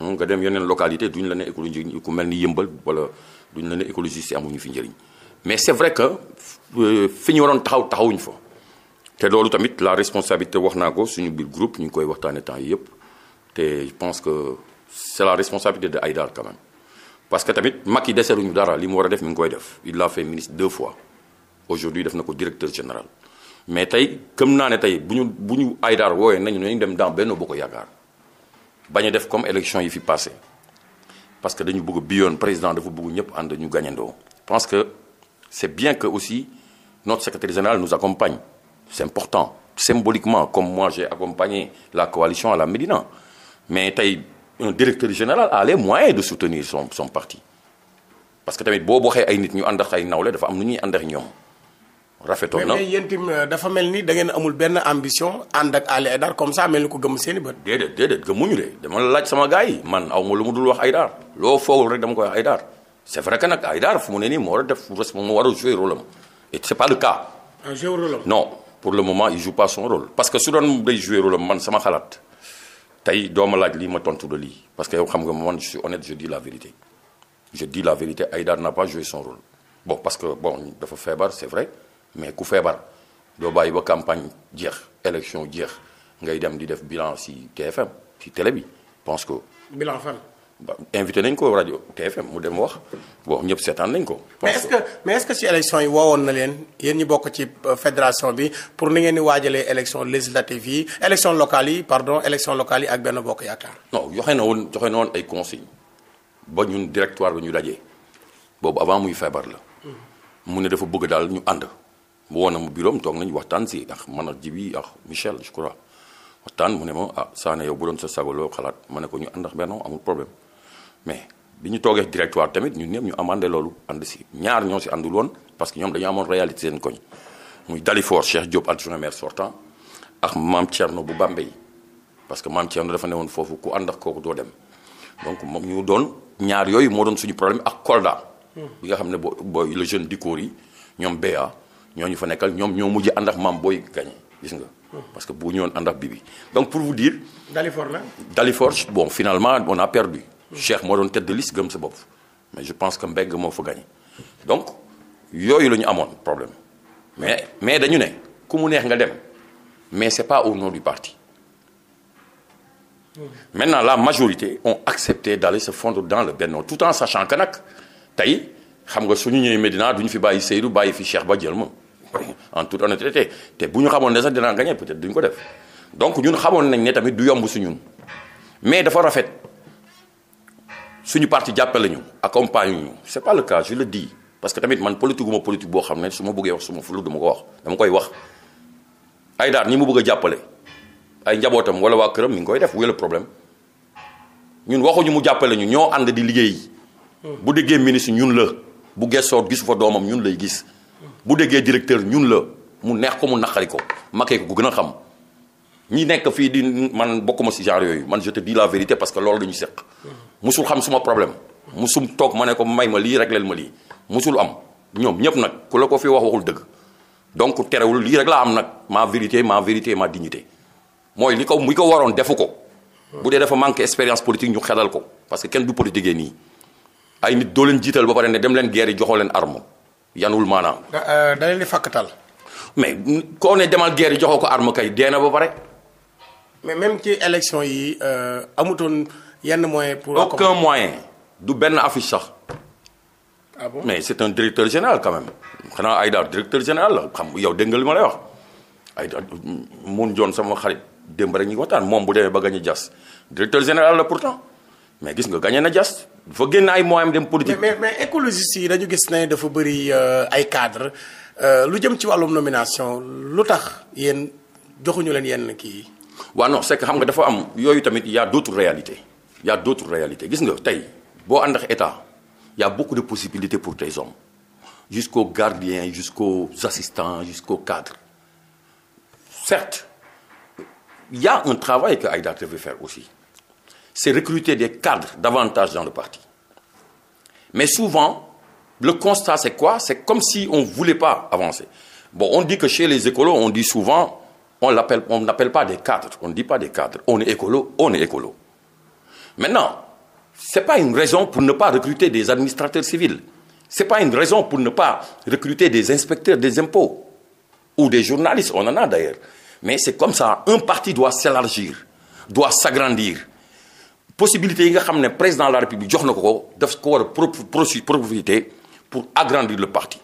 nga dem yeneen localité duñu la ne écologistes yi ku mel ni yëmbal wala. duñ ñu ne écologiste yi amuñu fi njëriñ mais c'est vrai que euh, fi ñu waroon taxaw taxawuñ fa te loolu tamit la responsabilité wax naa ko suñu biir group ñu ngi koy waxtaane temps yi yëpp te je pense que c'est la responsabilité de Aïdar quand même parce que tamit Macky deseeruñu dara li mu war a def mi ngi koy def il l'a fait ministre deux fois aujourd'hui def na ko directeur général mais tey këm naa ne tey bu ñu bu ñu Aïdar wooyee nañu nañu dem dans benn Bokk Yaakaar bañ a def comme élection yi fi passé parce que dañu bëgg bi yoon président dafa bëgg ñëpp ànd ñu gagnandoo. je que c'est bien que aussi notre secrétaire général nous accompagne c'est important symboliquement comme moi j'ai accompagné la coalition à la Médina mais tey un directeur général a les moyens de soutenir son parti parce que tamit boo waxee ay nit ñu ànd ak ay nawle dafa am nu ñuy ànd ak ñoom. rafetoon na mais yéen itam euh, dafa mel ni da ngeen amul benn ambition ànd ak Ali Aydar comme ça mel ni ko gëm seen i bët. déedéet déedéet gëmmuñu de dama la laaj sama gars yi man aw ma lu mu dul wax Aydar loo foogul rek dama koy wax Aydar c' est vrai que nag Aydar fu mu ne nii moo war a def moo war a jouer rôle am et c' est pas le cas. ah jouer rôle am non pour le moment il joue pas son rôle. parce que su doon day jouer rôle am man sama xalaat tey doo ma laaj lii ma tontu de lii parce que yow xam nga man je suis honnête je dis la vérité je dis la vérité Aydar n'a pas joué son rôle bon parce que bon dafa feebar c' est vrai. mais ku feebar doo bàyyi ba campagne jeex élection jeex ngay dem di def bilan ci TFM ci télé bi pense que. bilan fan. invité nañ ko rajo TFM mu dem wax bon ñëpp seetaan nañ ko. mais est-ce que mais est-ce que si élection yi woowoon na leen yéen ñi bokk ci euh, fédération bi pour ni ngeen di waajalee élection législative yi élection locale yi pardon élection locale yi ak benn bokk yaakaar. non joxe na woon joxe na woon ay consignes ba ñun directoire bi ñu dajee boobu avant muy feebar la. Hmm. mu ne dafa bëgg daal ñu ànd. mu woon na mu bureau am toog nañu waxtaan si ndax man ak Jibi ak Michel je crois waxtaan mu ne ma ah Sané bu doon sa sago loo xalaat ma ne ko ñu àndax benn amul problème mais bi ñu toogee directoire tamit ñun ñëpp ñu amandé loolu ànd si ñaar ñoo si àndul parce que ñoom dañu amoon réalité seen koñ muy Dalifor Cheikh Diop adjoint maire sortant ak maam Thierno bu Bambey parce que maam Thierno dafa ne woon foofu ku àndax kooku doo dem donc moom ñu doon ñaar yooyu moo doon suñu problème ak Kolda. Hmm. bi nga xam ne boo le jeune Dikori ñoom BA. ñoo ñu fa nekkal ñoom ñoo mujj ànd ak maam booy gagné gis nga. parce que bu ñëwoon ànd ak Bibi donc pour vous dire. Dalifort la. Dalifort bon finalement on a perdu. Cheikh moo doon tête de liste gëm sa bopp. mais je pense que Mbeng moo fa gagné donc yooyu la ñu amoon problème mais mais dañu ne ku mu neex nga dem mais c'est pas au nom du parti. maintenant la majorité ont accepté d'aller sa fondre dans le Benno tout en sa que nag tey xam nga suñu ñëwee Médina duñu fi bàyyi Seydou bàyyi fi Cheikh ba jël ma. en toute honnêteté te bu ñu xamoon ne sax dinaa gagné peut-être duñ ko def donc ñun xamoon nañ ne tamit du yomb si ñun mais dafa rafet suñu parti jàppale ñu accompagne ñu c'est pas le cas je le dis parce que tamit man politique guma politique boo xam ne su ma bëggee wax su ma fulu ko wax dama koy wax ay daal ñi mu bëgg a jàppale ay njabootam wala waa këram mi ngi koy def wala problème ñun waxuñu mu jàppale ñu ñoo ànd di liggéey hmm. bu déggee ministre ñun la bu gëstoo gisu fa doomam ñun lay gis bu déggee directeur ñun la mu neex ko mu naqari ko makkee ko ku gën a xam ñi nekk fii di man bokkuma si genre yooyu man je te dis la vérité parce que loolu ñu seq musul xam suma problème musum toog ma ne ko may ma lii rek régleel ma lii musul am ñoom ñëpp nag ku la ko fi wax waxul dëgg donc terewul lii rek laa am nag ma vérité ma vérité ma dignité mooy li ko mi ko waroon defu ko bu dee dafa manqué expérience politique ñu xelal ko parce que kenn du politique nii ay nit doo leen ne dem leen guerre yi leen arme yanul maanaam. da euh, da leen di fàkkatal. mais koo ne demal guerre joxoo ko arme kay dee na ba pare. mais même ci élection yi euh, amutoon yenn moyen. pour aucun moyen du benn affiche sax. ah bon mais c'est un directeur général quand même xanaa Aïda directeur général la xam yow dégg nga li ma lay wax Aïda mun joon sama xarit démb rek ñu waxtaan moom bu demee ba gañu jas directeur général la pourtant. mais gis nga gagné na jas foo génn ay moyens dem politique. mais mais écologistes yi dañu gis ne dafa bëri euh, ay cadres euh, lu jëm ci wàllum nomination lu tax yéen joxuñu leen yenn kii. waaw non c'est que xam nga dafa am yooyu tamit yaa a réalité réalités y a d'autres réalités gis nga tey boo ànd ak état y a beaucoup de possibilités pour tes hommes jusqu'aux gardiens jusqu'aux assistants jusqu'aux cadres certes y a un travail que Aïda devait faire aussi c'est recruter des cadres davantage dans le parti. Mais souvent, le constat, c'est quoi comme si on ne voulait pas avancer. on dit que chez les écolos, on dit souvent, on n'appelle pas des cadres, on ne dit pas des cadres. On est écolo, on est écolo. Maintenant, ce pas une raison pour ne pas recruter des administrateurs civils. Ce n'est pas une raison pour ne pas recruter des inspecteurs des impôts ou des journalistes, on en a d'ailleurs. Mais c'est comme ça, un parti doit s'élargir, doit s'agrandir, possibilité yi nga xam ne président de la république jox na ko ko daf ko war a profiter pour agrandir le parti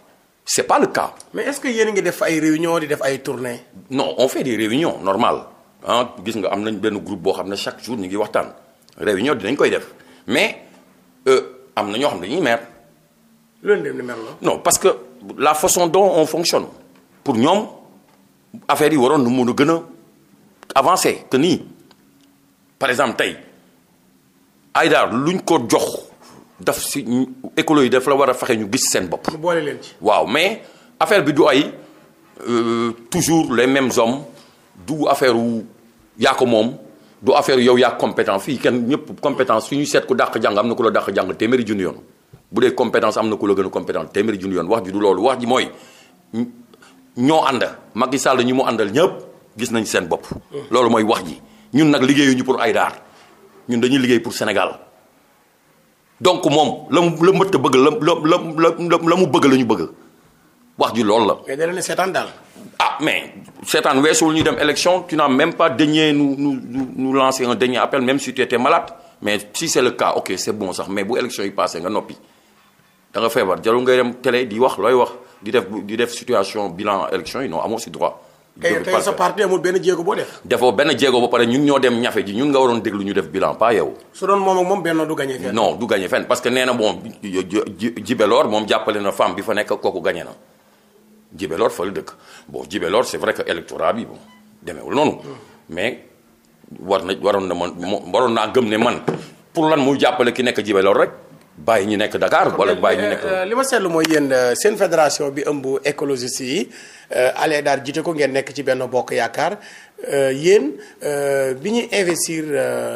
c' est pas le cas. mais est ce que yéen a ngi def ay réunions di def ay tournées. non on fait des réunions normales ah, gis nga am nañ benn groupe boo xam ne chaque jour ñu ngi waxtaan réunion dinañ koy def mais euh, am na ñoo xam ne dañuy mer. loolu dem ni mer la. non parce que la façon dont on fonctionne pour ñoom affaire yi waroon nu mën a gën a avancer que nii par exemple tey. Aïdar luñ ko jox daf si écolo yi daf la war a faxe ñu gis seen bopp. boole leen ci waaw mais affaire bi du ay euh, toujours le mêmes hommes du affaire wu yaa ko moom du affaire yow yaa compétent fii kenn ñëpp compétence su ñu seet ku dàq jàng am na ku la dàq jàng téeméeri junni yoon bu dee compétence am na ku la gën a compétent téeméeri junni yoon wax ji du loolu wax ji mooy ñoo ànd Macky Sall ñu mu àndal ñëpp gis nañ seen bopp. Mm. loolu mooy wax ji ñun nag liggéeyuñu pour Aïdar. ñun dañuy liggéey pour Sénégal donc moom la mu la mbëtt bëgg la la la la mu bëgg la ñu bëgg wax ji loolu la. mais da leen seetaan daal. ah mais seetaan weesuwul ñu dem élection tu n'as même pas daigné nous nous nous lancer un dernier appel même si tu malade mais si c'est le cas ok c'est bon sax mais bu élection yi passé nga noppi da nga feebar jarul ngay dem télé di wax looy wax di def di def situation bilan élection yi non amoo si droit. tey tey sa parti amul benn jéego boo def. defoo benn jéego ba pare ñun ñoo dem ñafe ji ñun nga waroon déglu ñu def bilan pas yow. su doon moom ak moom benn du gagné fenn. non du gagné fenn parce que nee na Jibeloor moom jàppale na femme bi fa nekk kooku gagné na Jibeloor fa la dëkk bon Jibeloor c'est vrai que électorat bi bon demeewul noonu. mais war na waroon na man waroon naa gëm ne man pour lan mu jàppale ki nekk Jibeloor rek. bàyyi ñu nekk Dakar wala bàyyi ñu nekk. Euh, li ma seetlu mooy yéen euh, seen fédération bi ëmb écologie si euh, Alé Dar jiite ko ngeen nekk ci benn bokk yaakaar yéen bi ñuy investir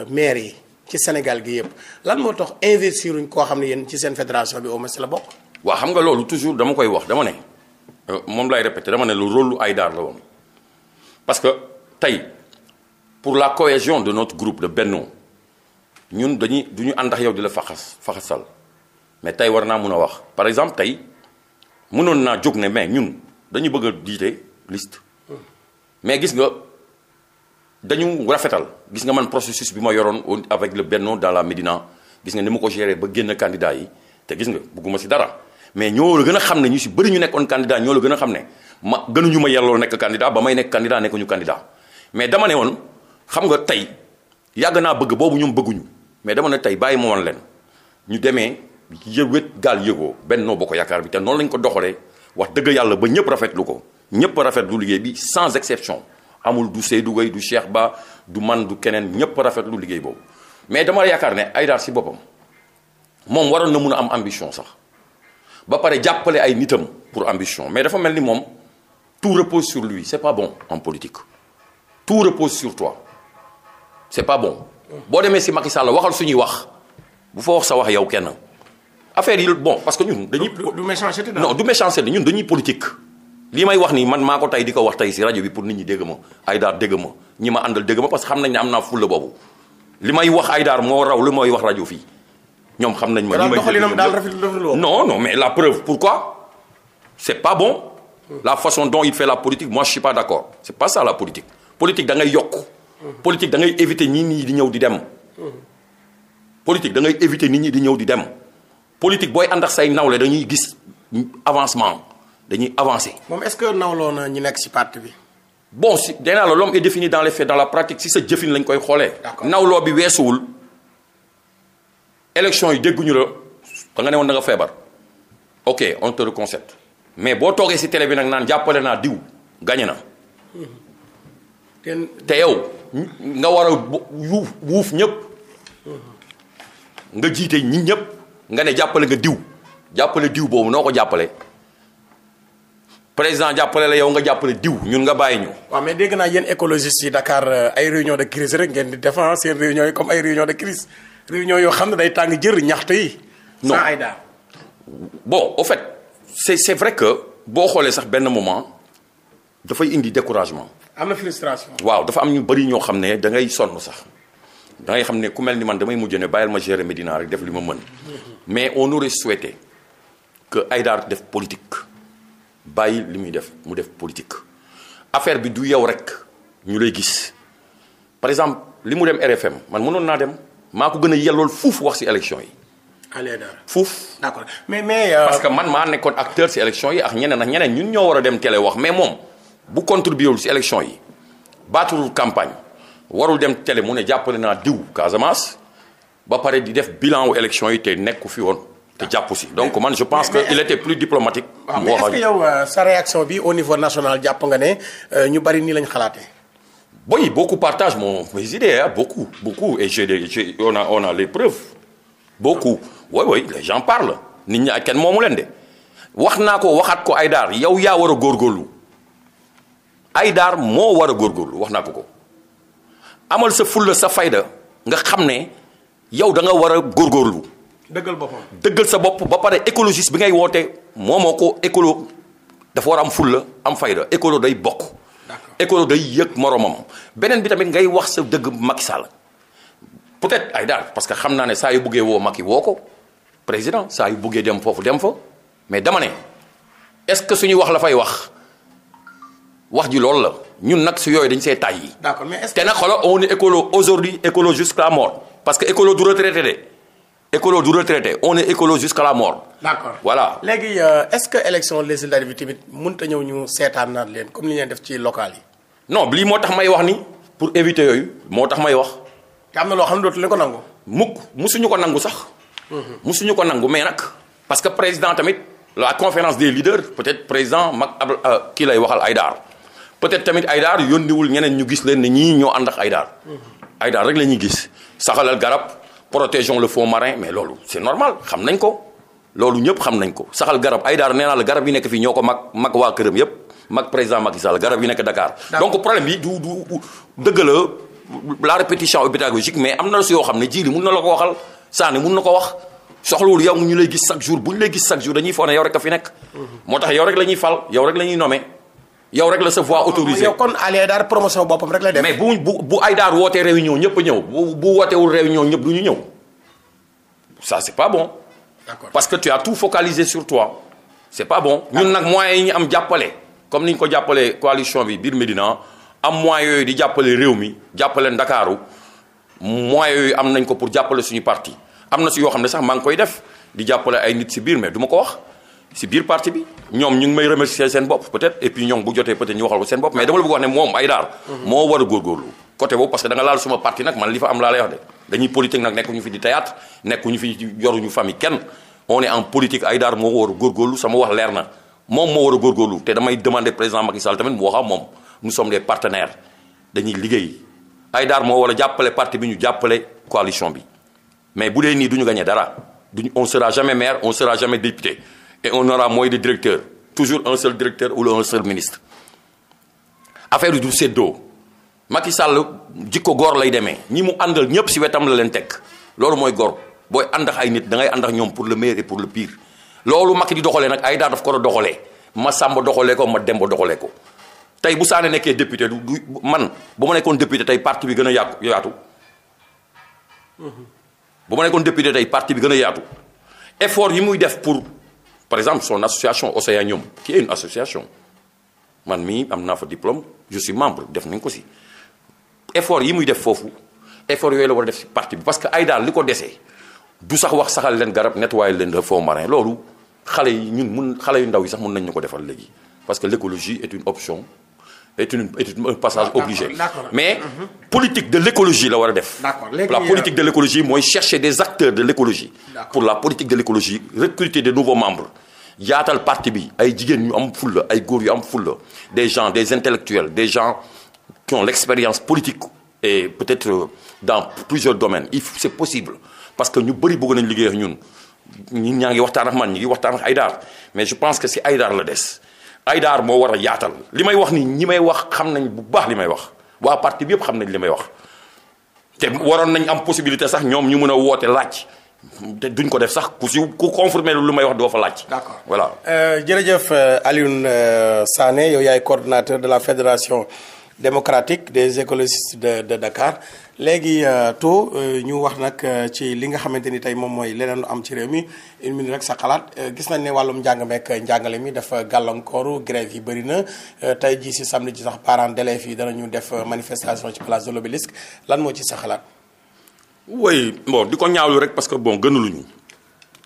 maire yi ci Sénégal gi yëpp lan moo tax investiruñ koo xam ne yéen ci seen fédération bi au moins la bokk. waa xam nga loolu toujours dama koy wax dama ne moom lay répété dama ne lu rôle lu ay Dar la woon parce que tey pour la cohésion de not groupe de bennoo ñun dañuy du ñu ànd ak yow di la faxas faxasal mais tey war naa mun a wax par exemple tey mënoon naa jóg ne mais ñun dañu bëgg a jiite mais gis nga dañu rafetal gis nga man processus bi ma yoroon avec le Benno dans la Médina gis nga ni ma ko géré ba génn candidat yi te gis nga bëgguma si dara mais ñoo la gën a xam ne ñu si bëri ñu nekkoon candidat ñoo la gën a xam ne ma gënuñu ma yelloo nekk candidat ba may nekk candidat nekkuñu candidat mais dama woon xam nga tey yàgg naa bëgg boobu ñoom bëgguñu. mais dama ne tey bàyyi ma woon leen ñu demee yëwét gaal yëgoo Benno ko Yaakaar bi te noonu lañ ko doxalee wax dëgg yàlla ba ñëpp rafetlu ko ñëpp rafetlu liggéey bi sans exception amul du Seydou Gueye du Cheikh Ba du man du keneen ñëpp rafetlu liggéey boobu mais dama yaakaar ne ay Aïdar si boppam moom waroon na mun a am ambition sax ba pare jàppale ay nitam pour ambition mais dafa mel ni moom tout repose sur lui c'est pas bon en politique tout repose sur toi c'est pas bon boo demee si Macky Sall waxal suñuy wax bu fa wax sa wax yow kenn affaire yi bon parce que ñun dañuy. du méchanceté non du méchanceté ñun dañuy politique. lii may wax nii man maa ko tey di ko wax tey si rajo bi pour nit ñi dégg ma Aïdar dégg ma ñi ma àndal dégg ma parce que xam nañ ne am naa fulla boobu li may wax Aïdar moo raw li may wax rajo fii ñoom xam nañ ma. li may doxalinam daal non non mais la preuve pourquoi c'est pas bon. la façon dont il fait la politique moi je suis pas d'accord c'est pas politique da ngay éviter nit ñi di ñëw di dem. politique da ngay nit ñi di ñëw di dem politique booy ànd ak say nawle dañuy gis avancement dañuy avancer. moom est-ce que nawloo na ñu nekk si parti bi. bon si nee naa la l'homme est défini dans les faits dans la pratique si sa jëfin lañ koy xoolee. nawloo bi weesuwul élection yi dégguñu la da nga ne woon da feebar. ok on te reconcerte mais boo toogee si télé bi nag naan jàppale naa diw gañe na. kenn te yow nga war a yuuf wuuf ñëpp nga jiite ñi ñëpp nga ne jàppale nga diw jàppale diw boobu noo ko jàppale président jàppale la yow nga jàppale diw ñun nga bàyyi ñu. waaw mais dégg naa yéen écologistes yi Dakar euh, ay réunion de crise rek ngeen di défendre seen réunion yi comme ay réunion de crise réunion yoo xam ne day tàng jër ñaxte yi. non sans ay daal bon au fait c'est c'est vrai que boo xoolee sax benn moment dafay indi découragement. am na waaw dafa am ñu bëri ñoo xam ne da ngay sonn sax da ngay xam ne ku mel ni man damay mujj ne bàyyil ma gérer Médina rek def li ma mën mais on aurait souhaité que Aïdar def politique bàyyi li muy def mu def politique affaire bi du yow rek ñu lay par exemple li mu dem RFM man mënoon naa dem maa ko gën a yellool fuuf wax ci élection yi. fuuf d'accord mais mais. Euh... parce que man maa nekkoon acteur ci élection yi ak ñeneen ñeneen ñun ñoo war a dem télé wax mais moom. bu contribué wul ci élection yi baatul campagne warul dem tele mu ne jàppale naa diw Casamance ba pare di def bilan wu élection yi te nekku fi woon. te jàpp si donc man je pense que mais, il était plus diplomatique. mais est que yow euh, sa réaction bi au niveau national jàpp nga ne euh, ñu bari nii lañ xalaatee. boy beaucoup partagent mon mes idées hein, beaucoup beaucoup et j'ai j'ai on a on a les preuves beaucoup oui oui les gens parlent nit ñi ak kenn moomu leen de wax naa ko waxaat ko ay yow yaa war a góorgóorlu. ay daar moo war a góorgóorlu wax naa ko ko amal sa fulla sa fayda nga xam ne yow da nga war a góorlu dëggal boppam dëggal sa bopp ba pare écologiste bi ngay woote moomoo ko écolo dafa war a am fulla am fayda écolo day bokk. écolo day yëg moromam beneen bi tamit ngay wax sa dëgg Macky Sall peut-être ay daar parce que xam naa ne saa yu buggee woo Macky woo ko président saa yu buggee dem foofu dem fa mais dama ne est-ce que suñu wax la fay wax. wax ji loolu la ñun nag si yooyu dañ see tay yi d'accord mais est-ce que te nag xoolal on est écolo aujourd'hui écolo jusqu'à mort parce que écolo du retraité de écolo du retraité on est écolo jusqu'à la mort. voilà. léegi euh, est-ce que élection législative bi tamit ñëw ñu seetaan naat leen comme ni ñu def ci local yi. non lii moo tax may wax ni pour éviter yooyu moo tax may wax. te am na loo xam ne dootu leen ko nangu. mukk musuñu ko nangu sax. Mhm. musuñu ko nangu mais nag parce que président tamit la conférence des leaders peut-être président mag ab euh, lay waxal ay daar peut-être tamit Aïdar yónniwul ñeneen ñu gis leen ne ñii ñoo ànd ak Aïdar Aïdar rek la ñuy gis saxalal garab protégion le fond marin mais loolu c'est normal xam nañ ko loolu ñëpp xam nañ ko saxal garab Aïdar nee naa garab yi nekk fii ñoo ko mag mag waa këram yëpp mag président Macky Sall garab yi nekk Dakar donc problème bi du du dëgg la la répétition pédagogique mais am na si yoo xam ne jiili mun na la ko waxal saani mun na ko wax soxlawul yow ñu lay gis chaque jour bu ñu lay gis chaque jour dañuy foog ne yow rek a fi nekk mmh. moo tax yow rek lañuy ñuy fal yow rek la ñuy nommer yow rek la sa voix autorisée. yow kon Aly Dar promotion boppam rek la def. mais bu bu bu Aydar wootee réunion ñëpp ñëw bu bu wootewul réunion ñëpp du ñu ñëw ça c'est pas bon. parce que tu tout focalisé sur toi. c'est pas bon ñun nag moyens yi ñu am jàppale comme ni ñu ko jàppale coalition bi biir Médina am moyens yooyu di jàppale réew mi jàppale Ndakaaru moyens am nañ ko pour jàppale suñu parti am na si yoo xam ne sax maa ngi koy def di jàppale ay nit si biir mais duma ko wax. si biir parti bi ñoom ñu ngi may remercier seen bopp peut-être et puis ñoom bu jotee peut-être ñu waxal ko seen bopp mais dama la bëgg wax ne moom ay daar mhm. moo war a góorgóorlu côté boobu parce que da nga laal suma parti nag man li fa am laa lay wax dañuy politique nag nekkuñu fi di théâtre nekkuñu fi yoruñu famille kenn on est en politique ay daar moo war a góorgóorlu sama wax leer na moom moo war a góorgóorlu te damay demander président Macky Sall tamit mu wax moom nous sommes des partenaires liggéey ay daar moo war a jàppale parti bi ñu jàppale coalition bi mais bu dee nii du ñu gagné dara duñu on sera jamais maire on sera jamais député et on aura moins de toujours un seul directeur ou un seul ministre affaire du séddoo Macky Sall jikko góor lay demee ñi mu àndal ñëpp si wetam la leen teg loolu mooy gor booy ànd ak ay nit da ngay ànd ak ñoom pour le meilleur pour le pire loolu Macky di doxalee nag ay daa daf ko doxalee ma Samba doxalee ko ma Demba doxalee ko tey bu Sané nekkee député du man bu ma nekkoon député tey partie bi gën a yaatu yaatu. Mm-hmm. bu nekkoon député tey parti bi gën a yaatu effort yi muy def pour. par exemple son association Océanium qui est une association man mii am naa fa diplôme je membre def nañ ko si effort yi muy def foofu effort yooyu la war a def si parti bi parce que ay daal li ko desee du sax wax saxal leen garab nettoyer leen de fond marin loolu xale yi ñun mun xale yu ndaw yi sax mun nañ ñu ko defal léegi parce que l'écologie et une option est une est un passage ah, obligé mais mhm. politique de l'écologie la war a def la politique de l'écologie mooy chercher des acteurs de l'écologie pour la politique de l'écologie recruter de nouveaux membres yaatal parti bi ay jigéen ñu am fulla ay góor yu am fulla des gens des intellectuels des gens qui ont l'expérience politique et peut-être euh, dans plusieurs domaines il c'est possible parce que ñu bëri bëgg nañ liggéey ak ñun ñun ñaa ngi waxtaan ak man ñi ngi waxtaan ak Aïdar mais je pense que si Aïdar la des Aïdar moo war a yaatal li may wax nii ñi may wax xam nañ bu baax li may wax waa parti bi yëpp xam nañ li may wax te waroon nañ am possibilité sax ñoom ñu mën a woote laaj te duñ ko def sax ku si ku confirmer lu may wax doo fa laaj. d'accord voilà. Euh, jërëjëf euh, Alioune euh, Sané yow yaay coordonnateur de la fédération. démocratique des écologistes de de Dakar léegi euh, tout euh, ñu wax nag euh, ci li nga xamante ni tey moom mooy leneen lu am ci réew mi une rek sa xalaat gis nañ ne wàllum njàng meek njàngale mi dafa gàllankooru grève yi bëri na tey jii si samedi ci sax parents d'élèves yi danañu def manifestation ci place de l'Obélisque lan moo ci sa xalaat. oui bon di ko ñaawlu rek parce que bon ñu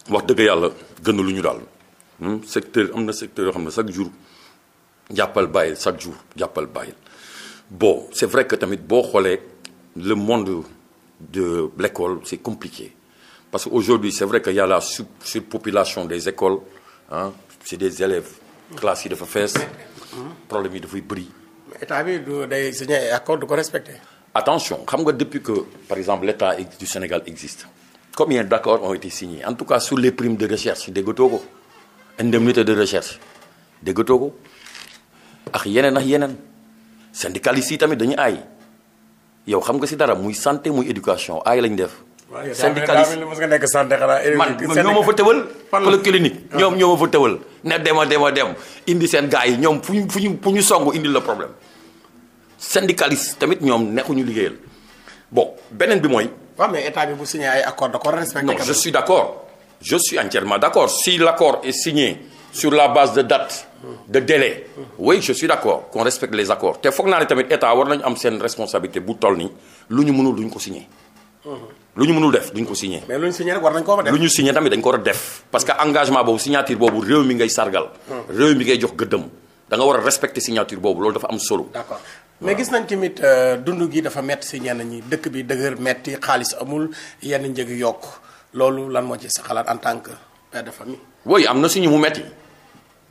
wax dëgg yàlla gënaluñu daal hmm, secteur am na secteur yoo xam ne chaque jour jàppal bàyyil chaque jour jàppal bon c'est vrai que tamit boo xoolee le monde de l'école c'est compliqué parce que aujourd'hui c'est vrai que y a la sur surpopulation des écoles ah c'est des élèves classes yi dafa fees problème yi dafay bëri. état bi du day signé ay accord du respecté. attention xam nga depuis que par exemple l'état du Sénégal existe combien d'accords ont été signés en tout cas sur les primes de recherche déggatoo ko indemnité de recherche déggatoo ko ak yeneen ak yeneen. syndicalistes yi tamit dañu ay yow xam nga si dara muy santé muy éducation aay lañ def. syndicaliste waaw nga nekk santé xanaa. man ñoo ma fa tëwal. fan la clinique ah. ñoom ñoo ma fa tëwal. ne dema dema dem indi seen gars yi ñoom fu ñu fu ñu fu ñu song indi la problème syndicaliste tamit ñoom nekkuñu liggéeyal bon beneen bi mooy. waaw bi bu signé ay accord d'accord respecté. non je suis d'accord je suis entièrement d'accord si l'accord est signé. sur la base de date de délai oui je suis d'accord qu'on respecte les accords te foog naa ne tamit état war nañu am seen responsabilité bu toll nii lu ñu mënul duñ ko signé. lu ñu mënul def duñ ko signé. mais lu ñu signé war nañ ko war tamit dañ ko war a def. parce que engagement boobu signature boobu réew mi ngay sargal. réew mi ngay jox gëddëm da nga war a respecter signature boobu loolu dafa am solo. d'accord mais gis nañ tamit euh, dund gi dafa metti si ñenn ñi dëkk bi dëgër metti xaalis amul yenn njëg yokk loolu lan moo ci sa xalaat en tant que père de am na suñu mu metti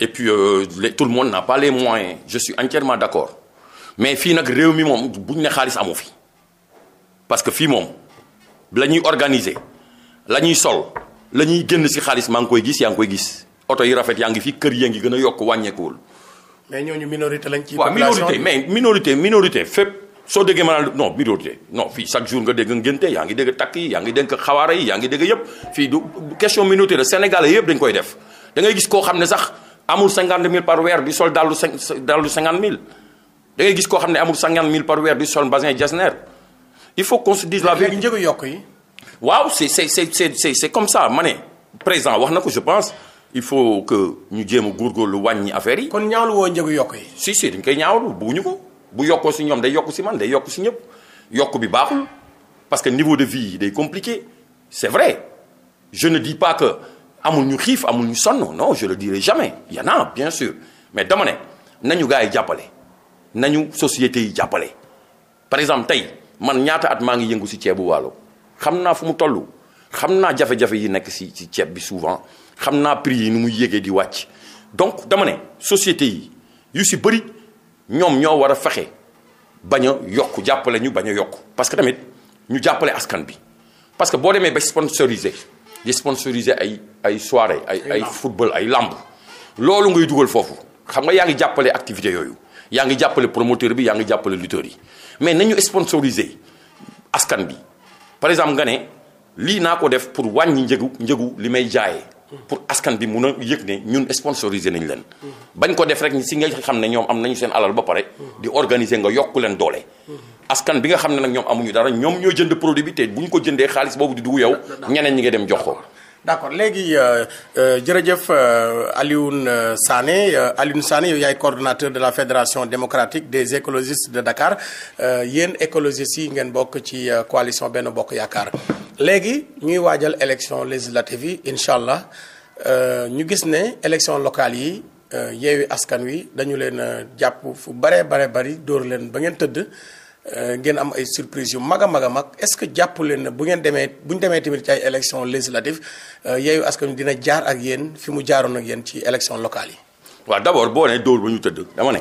et puis euh, tout le monde n'a pas les moyens je suis entièrement d'accord mais fii nag réew mi moom bu ñu ne xaalis amu fi parce que fii moom la ñuy organiser la ñuy sol la ñuy génn si xaalis maa ngi koy gis yaa ngi koy gis oto yi rafet yaa ngi fi kër yaa ngi gën a yokk wàññeekuwul. mais ñoo ñu minorité lañ ci population waaw minorité mais minorité minorité fépp soo déggee maanaam non minorité non fii chaque nga dégg ngénte yaa ngi dégg takk yi yaa ngi dégg xawaara yi yaa ngi dégg yëpp fii du question minorité la Sénégalais yëpp dañ koy def da gis koo xam ne sax. amul cinquante mille par weer di sol dàllu dàllu cinquante mille da ngay gis koo xam ne amul cinquante mille par weer di sol basin jasner il faut qu'on se la vérité njëgu yokk yi waaw c'est c'est c'est comme ça ma ne président wax na ko je pense il faut que ñu jéem a góorgóorlu wàññi affaire yi. kon ñaawlu woo njëgu yokk yi. si si dañ koy ñaawlu bugguñu ko bu yokkoo si ñoom day yokk si man day yokk si ñëpp yokk bi baaxul parce que niveau de vie yi day compliqué c'est vrai je ne dis pas que. amul ñu xiif amul ñu sonn non je le dirai jamais y en bien sûr mais dama ne nañu gars yi jàppale nañu société yi jàppale par exemple tey man ñaata at maa ngi yëngu si ceebu waalo xam naa fu mu toll xam naa jafe-jafe yi nekk si ci ceeb bi souvent xam naa prix yi nu mu yéegee di wàcc donc dama ne société yi yu si bëri ñoom ñoo war a fexe bañ a yokk jàppale ñu bañ a yokk parce que tamit ñu jàppale askan bi parce que boo demee ba sponsorisé di sponsoriser ay ay soirée ay ay football ay lamb loolu ngay dugal foofu xam nga yaa ngi jàppale activité yooyu yaa ngi jàppale promoteur bi yaa ngi jàppale lutteur yi mais nañu sponsoriser askan bi par exemple nga ne lii naa ko def pour wàññi njëgu njëgu li may jaayee pour askan bi mun a yëg ne ñun sponsoriser nañ leen mm-hmm. bañ ko def rek si nga xam ne ñoom am nañu seen alal ba pare di organiser nga yokku leen doole mm-hmm. askan bi nga xam ne nag ñoom amuñu dara ñoom ñoo jënd produit bi te bu ñu ko jëndee xaalis boobu du dugg yow ñeneen ñi nga dem jox ko d'accord léegi euh, euh, jërëjëf euh, Alioune Sané Alioune Sané yow yaay coordinateur de la fédération démocratique des écologistes de Dakar yéen écologistes yi ngeen bokk ci coalition benn Bokk Yaakaar léegi ñuy waajal élection législative yi incha allah ñu gis ne élection locale yi yeewi askan wi dañu leen jàpp fu bare bare bari dóor leen ba ngeen tëdd Euh, ngeen am ay surprise yu mag a mag a mag est-ce que jàpp leen ne bu ngeen demee bu ñu demee tamit ci ay élections législatives euh, yeeyu askan dina jaar ak yéen fi mu jaaroon ak yéen ci élections locales yi. waa d'abord boo nee dóor ba ñu tëdd dama ne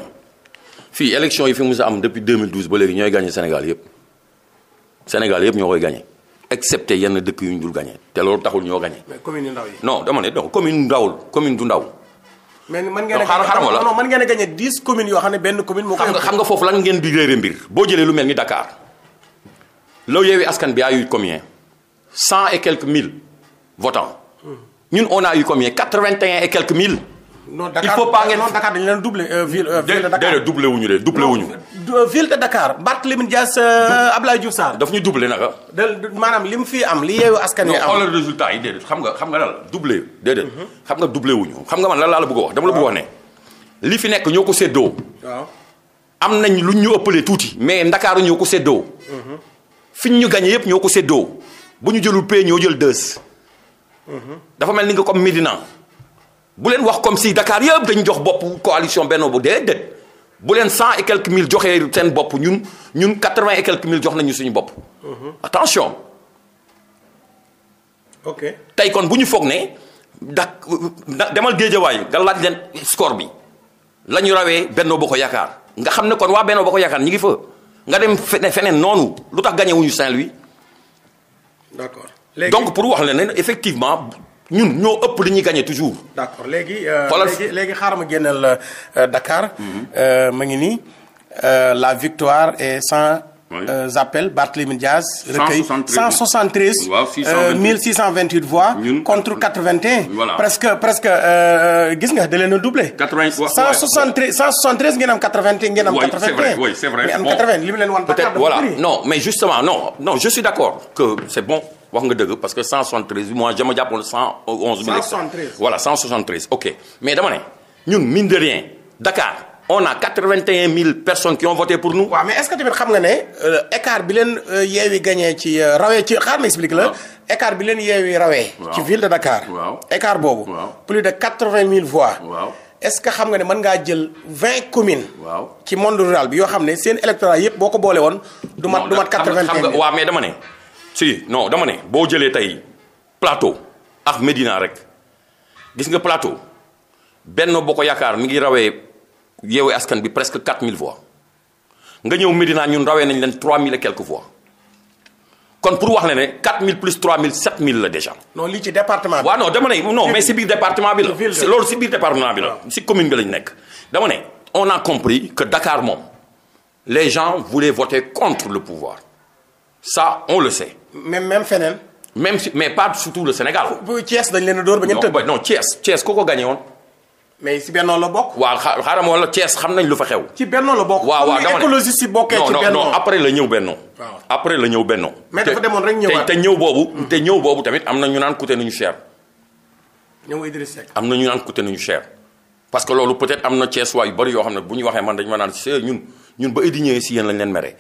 fii élections yi fi mu sa am depuis 2012 ba léegi ñooy gagné Sénégal yépp Sénégal yépp ñoo koy gagné excepté yenn dëkk yu ñu dul gagné te loolu taxul ñoo gagné. mais commune yu ndaw yi. non dama ne donc commune ndawul commune du ndaw. mais mën xaaral la non mën ngeen a gagné dix communes yoo xam ne benn commune moo ko xam nga foofu lan ngeen di réere mbir boo jëlee lu mel ni Dakar la Yewwi Askan Wi a eu cent et quelques mille votants hmm. ñun on a eu combien quatre-vingt-un et quelques mille non Dakar il faut pas ngeen non Dakar dañu leen doublé euh, ville euh, ville de Dakar déedéet doublé wu ñu de doublé wu ñu. Euh, ville de Dakar Barthélémy Dias Abdoulaye Diouf Sarr. ñu doublé naka. de maanaam li mu fi am li askan wi am. xoolal yi déedéet xam nga xam nga la doublé déedéet. xam nga doublé wu ñu xam nga man lan laa la bëgg a wax. dama la bëgg wax ne li fi nekk ñoo ko séddoo. am nañ luñ ñu ëppalee tuuti. mais Ndakaaru ñoo ko séddoo. fiñ ñu gagné yëpp ñoo ko séddoo bu ñu jëlul P ñoo jël deux. Mhm. dafa mel ni nga comme Médina bu leen wax comme si Dakar yëpp dañu jox bopp coalition Benno bu déedéet bu leen cent et quelques mille joxee seen bopp ñun ñun quatre vingt et quelques mille jox nañu suñu bopp. Mhm. attention. ok tey kon bu ñu foog ne dak demal géejawaay nga laaj leen score bi la ñu rawee Benno Bokk Yaakaar nga xam ne kon waa Benno Bokk Yaakaar ñi ngi fa nga dem feneen noonu lu tax gagné wuñu Saint-Louis. d'accord léegi donc pour wax leen ne effectivement. ñun ñoo ëpp li ñuy gagné toujours. d'accord léegi. Euh, xoolal léegi léegi xaaral ma génneel euh, Dakar. Mhm. Euh, ma ngi nii la victoire est sans. oui euh, appels Barthélémy Diaz. contre 81. voilà presque presque gis nga da leen a doublé. 80 waaw 173 173 ngeen am 81 ngeen am. 81 c'est vrai oui leen wan. peut non mais justement non je suis d'accord que c'est bon. wax nga dëgg parce que 173 moi jama jàppoon 111 000 173 voilà 173 ok mais dama ne ñun mine de rien Dakar on a 81 000 personnes qui ont voté pour nous. waaw mais est-ce que tamit xam nga ne euh, écart bi leen euh, Yewwi gagné ci euh, rawee ci xaar ma explique la. écart bi leen Yewwi rawee. ci ville de Dakar. waaw écart boobu. plus de 80 000 mille waaw est-ce que xam nga ne mën ngaa jël 20 communes. waaw ci monde rural bi yoo xam ne seen électorat yëpp boo ko boole woon. du mat du mat ne. si no dama ne boo jëlee tey plateau ak Médina rek gis nga plateau benn boo ko yaakaar mi ngi rawee yeewee askan bi presque 4000 voix nga ñëw Médina ñun rawee nañ leen 3000 et quelques voix kon pour wax ne ne 4000 plus 3000 7000 la déjà. non lii ci département bi. waaw non dama ne non mais si biir département bi la. loolu si biir département bi la si commune bi lañ nekk. dama ne on a compris que Dakar moom les gens voulaient voter contre le pouvoir. ça on le sait. même même feneen. même si mais pas surtout le Sénégal. bu Thiès dañ leen door ba ñeent tëdd. non Thiès Thiès ku ko gagné woon. mais si Benno la bokk. waa xaaral ma wala Thiès xam nañ lu fa xew. ci Benno la bokk. waaw waaw dama ne écologiste yi bokkee ci Benno. non après la ñëw Benno. waaw après la ñëw Benno. mais dafa demoon rek te ñëw boobu. te ñëw boobu tamit am na ñu naan coûté nañu cher. ñu naan coûté nañu cher. parce que loolu peut-être am na Thiès waa yu bari yoo xam ne bu ñu waxee man dañ ma naan si Idi ñëwee si yéen lañ leen mere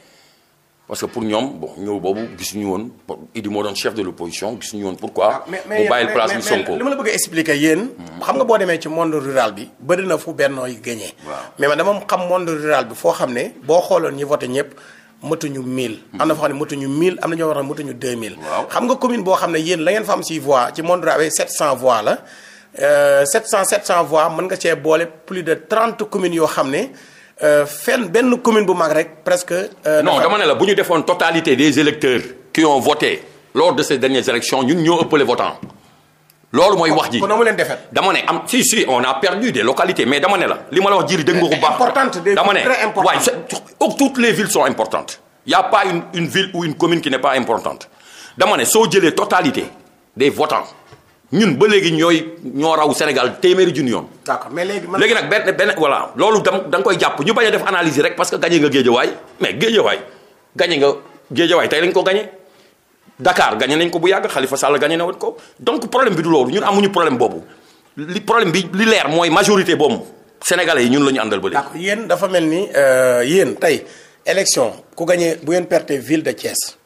parce que pour ñoom bon ñëw boobu gisuñu woon Idi moo doon chef de l'opposition gisuñu woon pourquoi. Ah, mu bàyyil place bi Sonko li ma la bëgg expliquer yéen. xam nga boo demee ci monde rural bi bëri na fu bennoo yi gagné. mais man dama xam monde rural bi foo xam ne boo xooloon ñi voté ñëpp mëtuñu 1000. Hmm. am na foo xam ne mëtuñu 1000 am na ñoo war a mëtuñu 2000. xam nga commune boo xam ne yéen la ngeen fa am si voix ci monde rural 700 voix la 700 euh, mën nga cee boole plus de 30 communes yoo xam ne. Euh, fenn benn commune bu mag rek presque. Euh, non dama ne la bu ñu defoon totalité des électeurs qui ont voté lors de ces dernières élections ñun ñoo ëppale votant loolu mooy wax ji kon amu leen defet dama ne am si si on a mais dama ne la li ma la wax jiri dégg nga ko baax importante dama ne waaye oh, toutes les villes son importantes y a pas une une ville ou une commune qui n'est pas importante dama ne soo jëlee totalité des votants ñun ba léegi ñooy ñoo raw Sénégal téeméeri junni yoon. d'accord mais léegi man léegi nag benn benn voilà loolu tam da nga koy jàpp ñu bañ a def analyse rek parce que gagné nga géejawaay mais géejawaay gagné nga géejawaay tey lañ ko gagné. dakaar gagné nañ ko bu yàgg xalifa Sall gagné na woon ko donc problème bi du loolu ñun amuñu problème boobu li problème bi li leer mooy majorité boobu sénégalais yi ñun la ñu àndal ba léegi. d'accord yéen dafa mel ni euh, yéen tey élection ku gagné bu ngeen perte ville de Thiès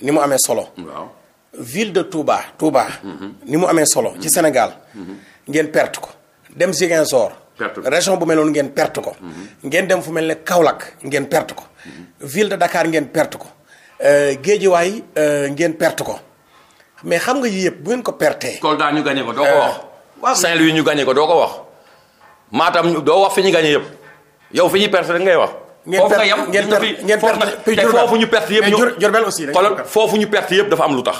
ni mu amee solo. waaw ville de Touba Touba. Mhm. ni mu amee solo ci mhm. Sénégal. Mhm. ngeen perte ko dem Ziguinchor. perte ko région bu mel noonu ngeen perte ko. ngeen dem fu mel ne Kaolack ngeen perte ko. ville de Dakar ngeen perte ko. Euh, Géejiwaay euh, ngeen perte ko mais xam nga yii yëpp bu ngeen ko pertee. Kolda ñu gagné ko doo ko wax. Euh, waaw saint ñu gagné ko doo ko wax. Matam doo wax fi ñu gagné yëpp yow fi ñuy perte rek wax. ngeen perte ngeen perte foofu ñu perte yëpp. ñu Diourbel aussi foofu ñu perte yëpp dafa am lu tax.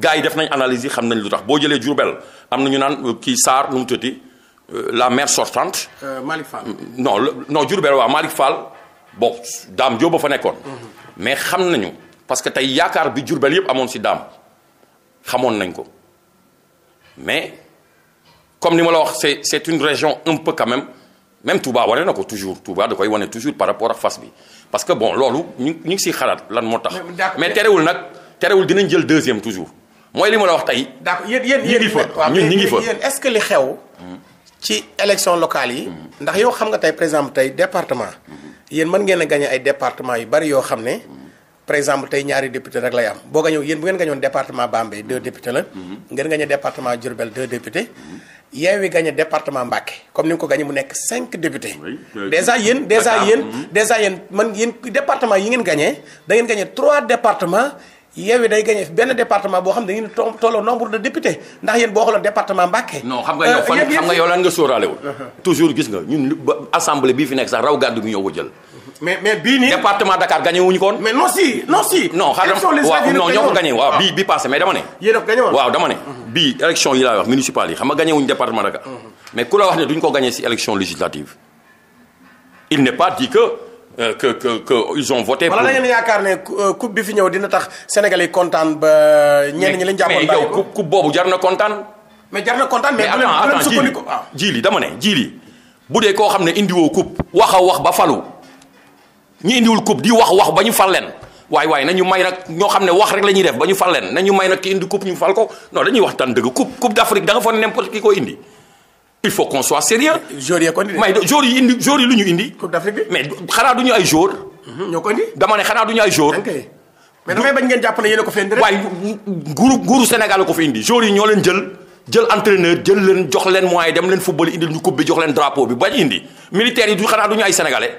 gars yi def nañ analyse yi xam nañ lu tax boo jëlee Diourbel am na ñu naan euh, kii Sarr nu mu tëddee euh, la maire sortante. Euh, Malick Fall mm, non non Diourbel waaw Malick Fall bon Dame Diop ba fa nekkoon. Mm-hmm. mais xam nañu parce que tey yaakaar bi Diourbel yëpp amoon si Dame xamoon nañ ko mais comme ni ma la wax c'est c'est une région un peu quand même. même Touba wane na ko toujours da koy wane toujours par rapport ak fas bi parce que bon loolu ñu ñu ngi siy xalaat lan moo tax. mais terewul nag terewul dinañ jël deuxième toujours. mooy li ma la wax tey. d'accord yéen yéen yéen ñi ngi ngi fa yéen que li xew. ci élection locale yi. Mm-hmm. ndax yow xam nga tey par exemple tey département. Mm-hmm. yéen mën ngeen a gagné ay département yu bari yoo xam ne. Mm-hmm. par exemple tey ñaari député rek lay am boo gañëw yéen bu ngeen gañoon département Bambey deux députés la. ngeen gañe département Diourbel deux députés. Yewwi gañe département Mbacké comme ni nga ko gañe mu nekk cinq députés. déjà yéen déjà yéen. déjà yéen man yéen département yi ngeen gañee da ngeen gañe trois départements. Yewwi day gagné benn département boo xam ne da ngeen di tolloo député ndax yéen boo xooloon département Mbacké. non xam nga yow euh, fan nga yow uh-huh. toujours gis nga ñun assemblée bii fi nekk sax raw gàddu gi ñoo ko jël. Uh-huh. mais Dakar gagné wuñu waaw dama ne. a uh-huh. bii élection yi laay wax municipal yi xam nga gagné wuñu Dakar. mais ku la wax ne duñ ko gagné si élection législative il n'est pas que Euh, que que que ils ont voté. wala ngeen yaakaar ne euh, coupe bi fi ñëw dina tax Sénégal kontaan ba. ñenn ñi lañ jàppoon mais yow coupe boobu jar na kontaan. mais jar na kontaan mais. mais attends attends jili dama ne jili bu dee koo xam ne indiwoo coupe wax a wax ba falu ñu indiwul coupe di wax wax ba ñu fal leen waaye waaye nañu may nag ñoo xam ne wax rek la ñuy def ba ñu fal leen na nañu may nag ki indi coupe ñu fal ko non dañuy waxtaan dëgg coupe coupe d'Afrique da nga foog ne ko indi. il faut qu'on soit sérieux joueurs yi yi indi joueurs yi lu ñu indi. coupe d'Afrique mais xanaa du ñu ay joueurs. Mm-hmm. ko indi dama ne xanaa du ñu ay joueurs. mais damay bañ ngeen jàpp ne yéen ko fi indi rek. waaye nguuru indi joueurs yi ñoo leen jël jël entraîneur jël leen jox leen moyen dem leen football indil ñu coupe bi jox leen drapeau bi ba indi militaires yi du xanaa du ñu ay sénégalais.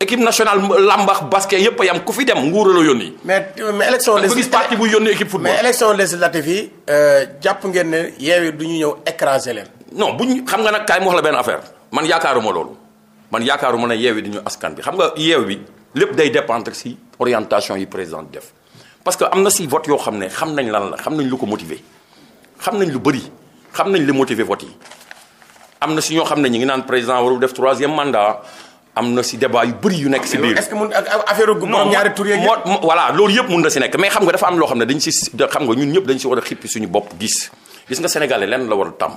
équipe nationale lambax basket yëpp a yam ku fi dem nguur la yónni. mais mais élection législative gis parti bu yónni équipe football. mais élection législative yi euh, jàpp ngeen ne yeewi du ñu ñëw écraser leen. non bu ñu xam nga nag kaay mu wax la benn affaire man yaakaaruma loolu man yaakaaruma ne yeewi du ñu askan bi xam nga yeew bi lépp day dépendre si orientation yi président def parce que am na si vote yoo xam ne xam nañ lan la xam nañ lu ko motiver xam nañ lu bëri xam nañ li motiver vote yi am na si ñoo xam ne ñu ngi naan président warul def troisième mandat. am na si débat yu bëri yu nekk si biir. est-ce que mun affaire gu ñaari tur yeeg loolu yëpp mun na si nekk mais xam nga dafa am loo xam ne dañ si xam nga ñun ñëpp dañ si war a xippi suñu bopp gis gis nga sénégalais lenn la war a tàmm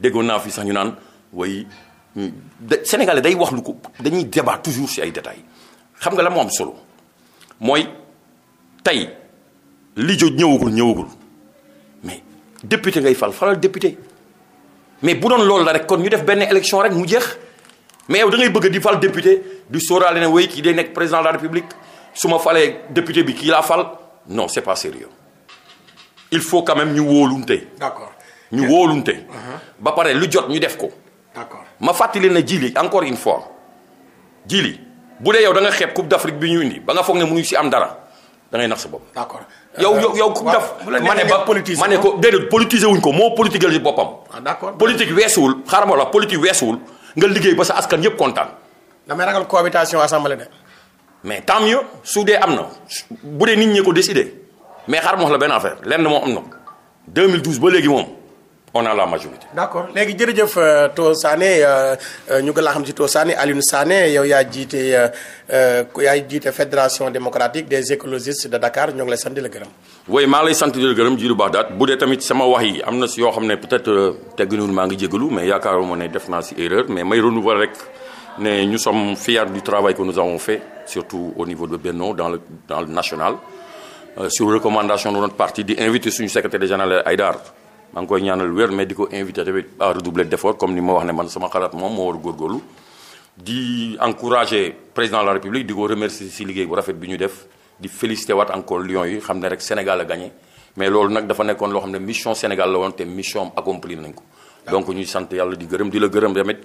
déggoon naa fi sax ñu naan way mm, sénégalais day wax lu ko dañuy débat toujours si ay détails xam nga la moom solo mooy tey li jo ñëwagul ñëwagul mais député ngay fal falal député mais bu doon loolu la rek kon ñu def benn élection rek mu jeex. mais yow da bëgg di fal député di sóoraale ne wey kii day nekk président de la république su ma falee député bi kii laa fal non c'est pas sérieux il faut quand même ñu wóolunte. d'accord ñu woolunte ba pare lu jot ñu def ko. d'accord ma na ne jili encore une fois jili bu dee yow da nga coupe d'Afrique bi ñu indi ba nga foog ne mënuñu si am dara da ngay nax sa bopp. d'accord yow euh, yow yow coupe d'Afrique ma ne ba ma ne ko déedéet politiser wuñ ko moo politiquer ci boppam. Ah, d'accord politique weesuwul xaaral ma la politique weesuwul nga liggéey ba sa askan yëpp kontaan. damay ragal cohabitation assemblée de. mais tant mieux su dee am na bu dee nit ñi ko décidé mais xaar ma wax la benn affaire lenn moom am na 2012 ba léegi moom. on a la majorité. d' accord léegi jërëjëf euh, To Sané euh, euh, ñu gën laa xam si To Sané Alioune Sané yow yaa jiite yaa jiite fédération démocratique des écologistes de Dakar ñoo ngi lay sant di la gërëm. oui maa lay sant di la gërëm Djidou Ba bu dee tamit sama wax yi am na si yoo xam ne peut être tegginuwul maa ngi jégalu mais yaakaar yaakaaruma ne def naa si erreur mais may renouveler rek ne nous sommes fiers du travail que nous avons fait surtout au niveau de Benno dans le national sur recommandation de parti di invité suñu secrétaire général Aïdar. maa ngi koy ñaanal wér mais di ko invité tamit à redoubler d'effort comme ni ma wax ne man sama xalaat moom moo war a góorgóorlu di encourager président la république di ko remercier si liggéey bu rafet bi ñu def di félicité waat encore Lions yi xam ne rek Sénégal a gagné mais loolu nag dafa nekkoon loo xam ne mission Sénégal la woon te mission accompli nañ ko donc ñuy sant yàlla di gërëm di la gërëm tamit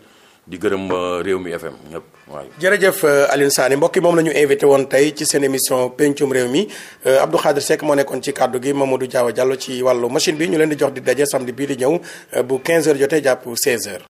di gërëm réew mi FM ñëpp jërëjëf euh, Alioune Sané mbokk yi moom la ñu invité woon tey ci seen émission pencum réew mi euh, Abdou Khadre Seck moo nekkoon ci kàddu gi moom du Diawa Diallo ci wàllu machine bi ñu leen di jox di daje samedi bii di ñëw euh, bu 15h jotee jàpp 16